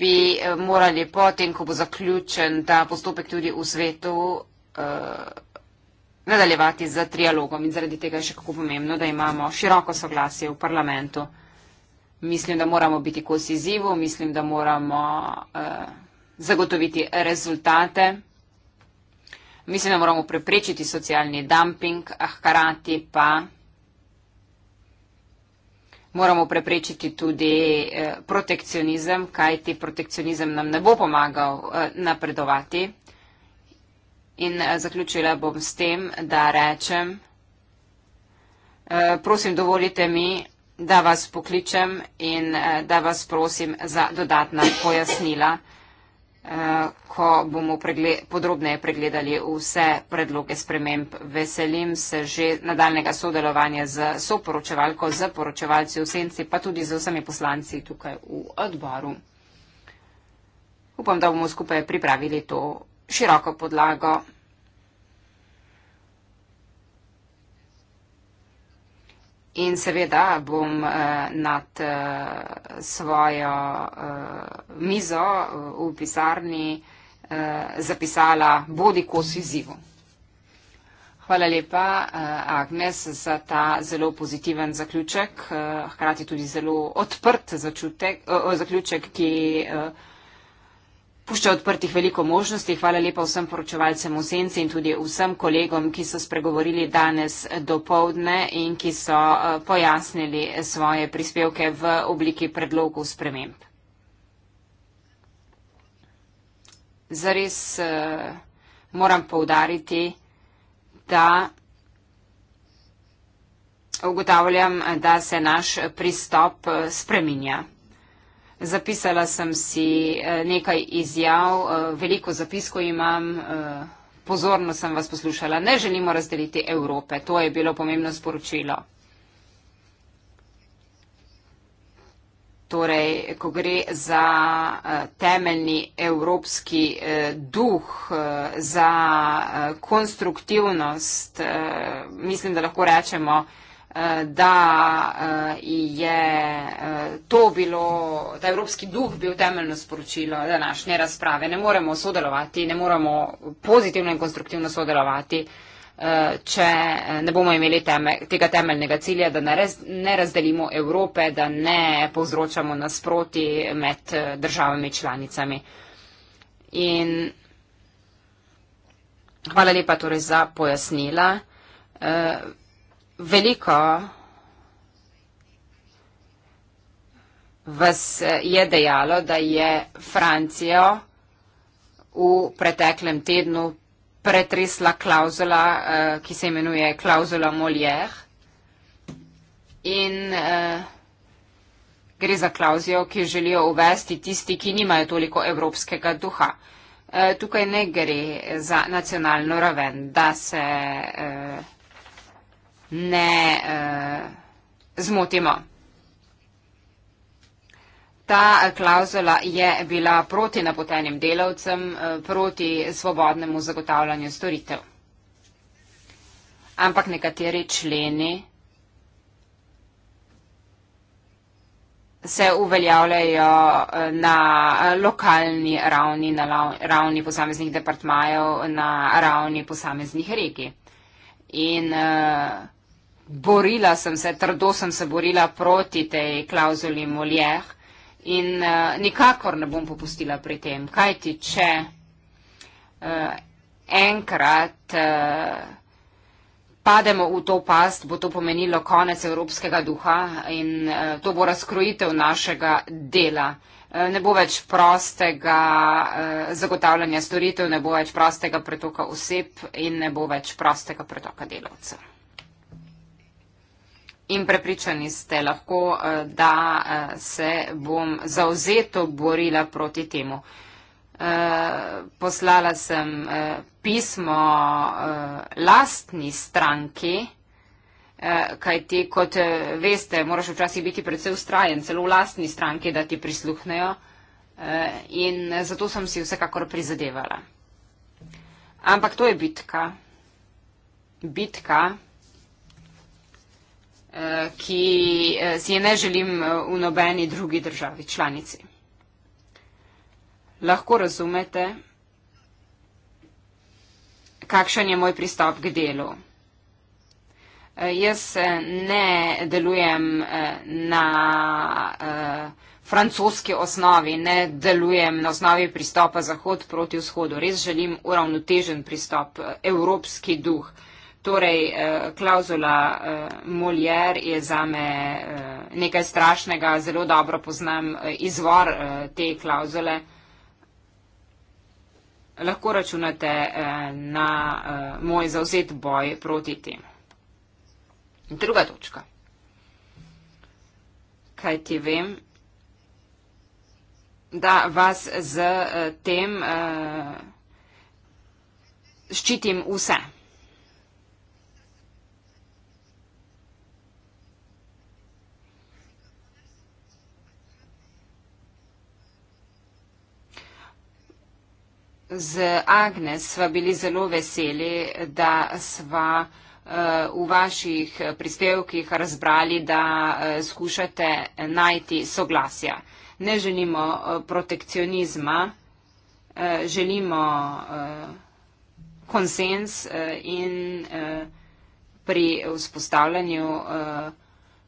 bi eh, morali potem, ko bo zaključen ta postopek tudi v svetu, eh, nadaljevati z trialogom in zaradi tega je še kako pomembno, da imamo široko soglasje v parlamentu. Mislim, da moramo biti kos izzivu, mislim, da moramo eh, zagotoviti rezultate, mislim, da moramo preprečiti socialni dumping, a hkrati pa moramo preprečiti tudi eh, protekcionizem, kajti protekcionizem nam ne bo pomagal eh, napredovati. In eh, zaključila bom s tem, da rečem, eh, prosim, dovolite mi, da vas pokličem in eh, da vas prosim za dodatna pojasnila, ko bomo podrobneje pregledali vse predloge sprememb. Veselim se že nadaljnega sodelovanja z soporočevalko, z poročevalci v senci, pa tudi z vsemi poslanci tukaj v odboru. Upam, da bomo skupaj pripravili to široko podlago. In seveda bom eh, nad eh, svojo eh, mizo eh, v pisarni eh, zapisala bodi kos izzivu. Hvala lepa, eh, Agnes, za ta zelo pozitiven zaključek, eh, hkrati tudi zelo odprt začutek, eh, zaključek, ki. Eh, Pušča odprtih veliko možnosti. Hvala lepa vsem poročevalcem v senci in tudi vsem kolegom, ki so spregovorili danes do povdne in ki so eh, pojasnili svoje prispevke v obliki predlogov sprememb. Zares uh, moram povdariti, da ugotavljam, da se naš pristop eh, spreminja. Zapisala sem si eh, nekaj izjav, eh, veliko zapisko imam, eh, pozorno sem vas poslušala. Ne želimo razdeliti Evrope, to je bilo pomembno sporočilo. Torej, ko gre za temeljni evropski duh, za konstruktivnost, mislim, da lahko rečemo, Eh, da eh, je eh, to bilo, da je evropski duh bil temeljno sporočilo današnje razprave. Ne moremo sodelovati, ne moremo pozitivno in konstruktivno sodelovati, če ne bomo imeli teme, tega temeljnega cilja, da ne razdelimo Evrope, da ne povzročamo nasproti med državami članicami. In hvala lepa torej za pojasnila veliko vas je dejalo, da je Francijo v preteklem tednu pretresla klauzula, eh, ki se imenuje klauzula Molière. In eh, gre za klauzijo, ki želijo uvesti tisti, ki nimajo toliko evropskega duha. Eh, tukaj ne gre za nacionalno raven, da se ne eh, zmotimo. Ta eh, klauzula je bila proti napotenim delavcem, eh, proti svobodnemu zagotavljanju storitev. Ampak nekateri členi se uveljavljajo eh, na lokalni ravni, na ravni posameznih departmajev, na ravni posameznih regij. In uh, borila sem se, trdo sem se borila proti tej klauzuli Molière in uh, nikakor ne bom popustila pri tem. Kaj ti, če uh, enkrat uh, pademo v to past, bo to pomenilo konec evropskega duha in uh, to bo razkrojitev našega dela. Ne bo več prostega zagotavljanja storitev, ne bo več prostega pretoka oseb in ne bo več prostega pretoka delavcev in prepričani ste lahko, eh, da eh, se bom zauzeto borila proti temu. Eh, poslala sem pismo lastni stranki, kajti kot veste, moraš včasih biti predvsej ustrajen, celo v lastni stranki, da ti prisluhnejo in zato sem si vsekakor prizadevala. Ampak to je bitka. Bitka. Eh, ki eh, si je ne želim eh, v nobeni drugi državi članici. Lahko razumete, kakšen je moj pristop k delu. Jaz ne delujem na francoski osnovi, ne delujem na osnovi pristopa zahod proti vzhodu. Res želim uravnotežen pristop, evropski duh. Torej, eh, klauzula eh, Molière je zame eh, nekaj strašnega, zelo dobro poznam izvor te klauzule. Lahko računate na moj zauzet boj proti temu. Druga točka. Kaj ti vem, da vas z tem ščitim vse. Z Agnes sva bili zelo veseli, da sva eh, v vaših prispevkih razbrali, da eh, skušate najti soglasja. Ne želimo eh, protekcionizma, želimo konsens in pri vzpostavljanju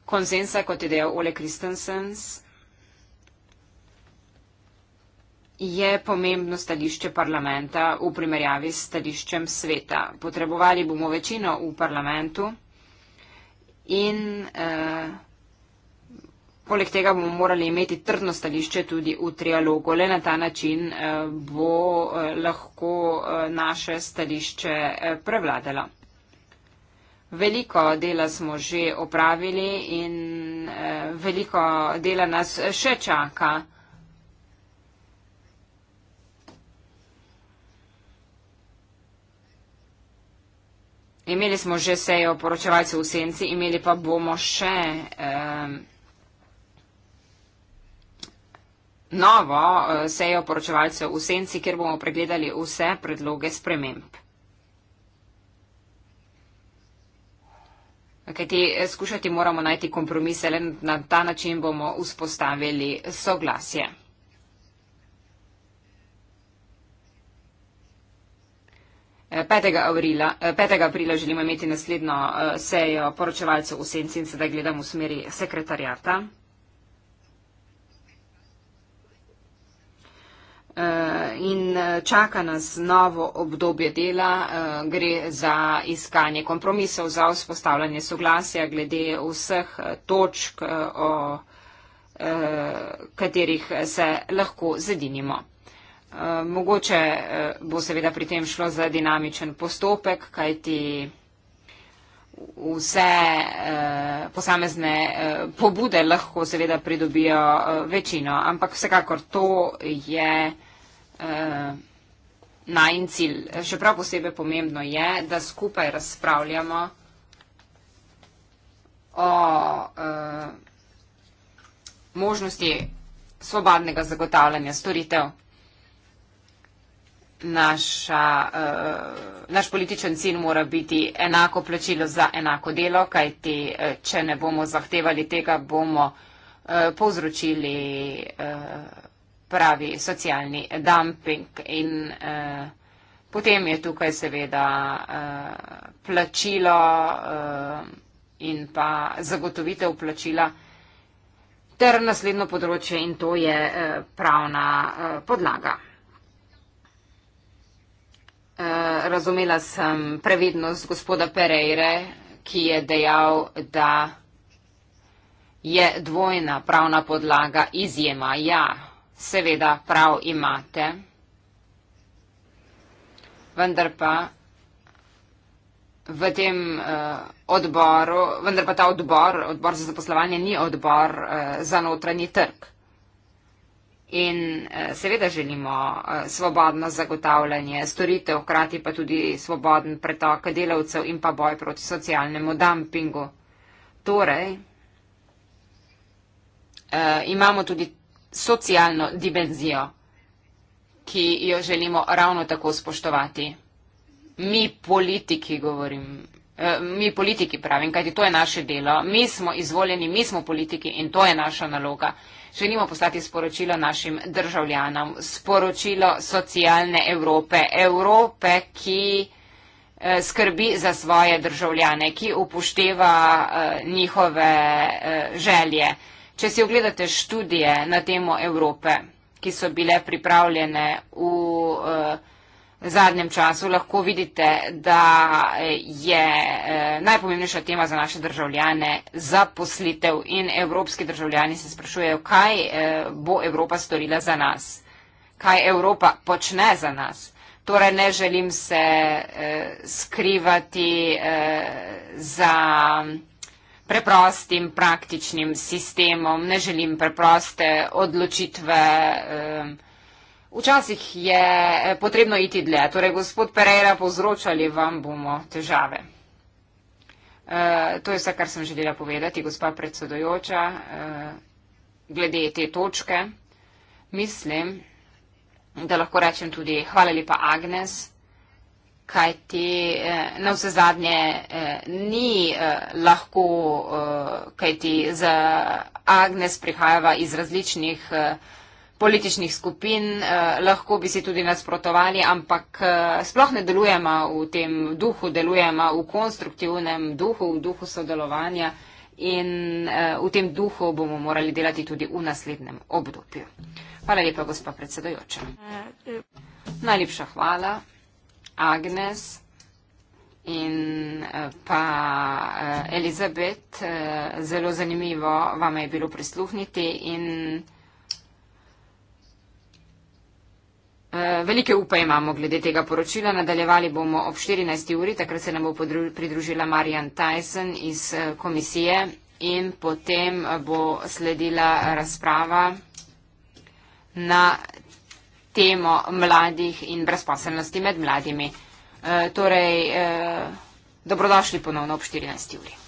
konsensa, kot je del Ole Kristensens, je pomembno stališče parlamenta v primerjavi s stališčem sveta. Potrebovali bomo večino v parlamentu in eh, poleg tega bomo morali imeti trdno stališče tudi v trialogu. Le na ta način eh, bo eh, lahko naše stališče prevladalo. Veliko dela smo že opravili in veliko dela nas še čaka. Imeli smo že sejo poročevalcev v senci, imeli pa bomo še eh, novo eh, sejo poročevalcev v senci, kjer bomo pregledali vse predloge sprememb. Kaj ti e, skušati moramo najti kompromise, le na ta način bomo vzpostavili soglasje. 5. Aprila, 5. aprila želimo imeti naslednjo eh, sejo poročevalcev v senci in sedaj gledam v smeri sekretarjata. Eh, in eh, čaka nas novo obdobje dela, gre za iskanje kompromisov, za vzpostavljanje soglasja glede vseh točk, o katerih se lahko zedinimo. Eh, mogoče eh, bo seveda pri tem šlo za dinamičen postopek, kajti vse eh, posamezne pobude lahko seveda pridobijo večino, ampak vsekakor to je najin cilj. Še prav posebej pomembno je, da skupaj razpravljamo o možnosti svobodnega zagotavljanja storitev naša, uh, naš političen cilj mora biti enako plačilo za enako delo, kajti uh, če ne bomo zahtevali tega, bomo uh, povzročili uh, pravi socialni dumping in uh, potem je tukaj seveda uh, plačilo uh, in pa zagotovitev plačila. Ter naslednjo področje in to je eh, pravna eh, podlaga. Eh, razumela sem previdnost gospoda Pereire, ki je dejal, da je dvojna pravna podlaga izjema. Ja, seveda prav imate, vendar pa v tem uh, odboru, vendar pa ta odbor, odbor za zaposlovanje, ni odbor uh, za notranji trg in eh, seveda želimo eh, svobodno zagotavljanje storitev, hkrati pa tudi svoboden pretok delavcev in pa boj proti socialnemu dumpingu. Torej, eh, imamo tudi socialno dimenzijo, ki jo želimo ravno tako spoštovati. Mi politiki govorim, Eh, mi politiki pravim, kajti to je naše delo. Mi smo izvoljeni, mi smo politiki in to je naša naloga. Želimo poslati sporočilo našim državljanom, sporočilo socialne Evrope, Evrope, ki eh, skrbi za svoje državljane, ki upošteva eh, njihove želje. Če si ogledate študije na temo Evrope, ki so bile pripravljene v državljanih, zadnjem času lahko vidite, da je eh, najpomembnejša tema za naše državljane zaposlitev in evropski državljani se sprašujejo, kaj eh, bo Evropa storila za nas, kaj Evropa počne za nas. Torej ne želim se eh, skrivati eh, za preprostim praktičnim sistemom, ne želim preproste odločitve. Eh, Včasih je eh, potrebno iti dlje. Torej, gospod Pereira, povzročali vam bomo težave. E, to je vse, kar sem želela povedati, gospa predsedojoča, e, eh, glede te točke. Mislim, da lahko rečem tudi hvala lepa Agnes, kaj ti e, na vse zadnje e, ni e, lahko, e, kaj ti za Agnes prihajava iz različnih. E, političnih skupin, eh, lahko bi si tudi nasprotovali, ampak eh, sploh ne delujemo v tem duhu, delujemo v konstruktivnem duhu, v duhu sodelovanja in eh, v tem duhu bomo morali delati tudi v naslednjem obdobju. Hvala lepa, gospa predsedojoča. Najlepša hvala, Agnes in pa Elizabet. Zelo zanimivo vam je bilo prisluhniti in Eh, velike upe imamo glede tega poročila. Nadaljevali bomo ob 14. uri, takrat se nam bo pridružila Marian Tyson iz eh, komisije in potem eh, bo sledila razprava na temo mladih in brezposelnosti med mladimi. Torej, dobrodošli ponovno ob 14. uri.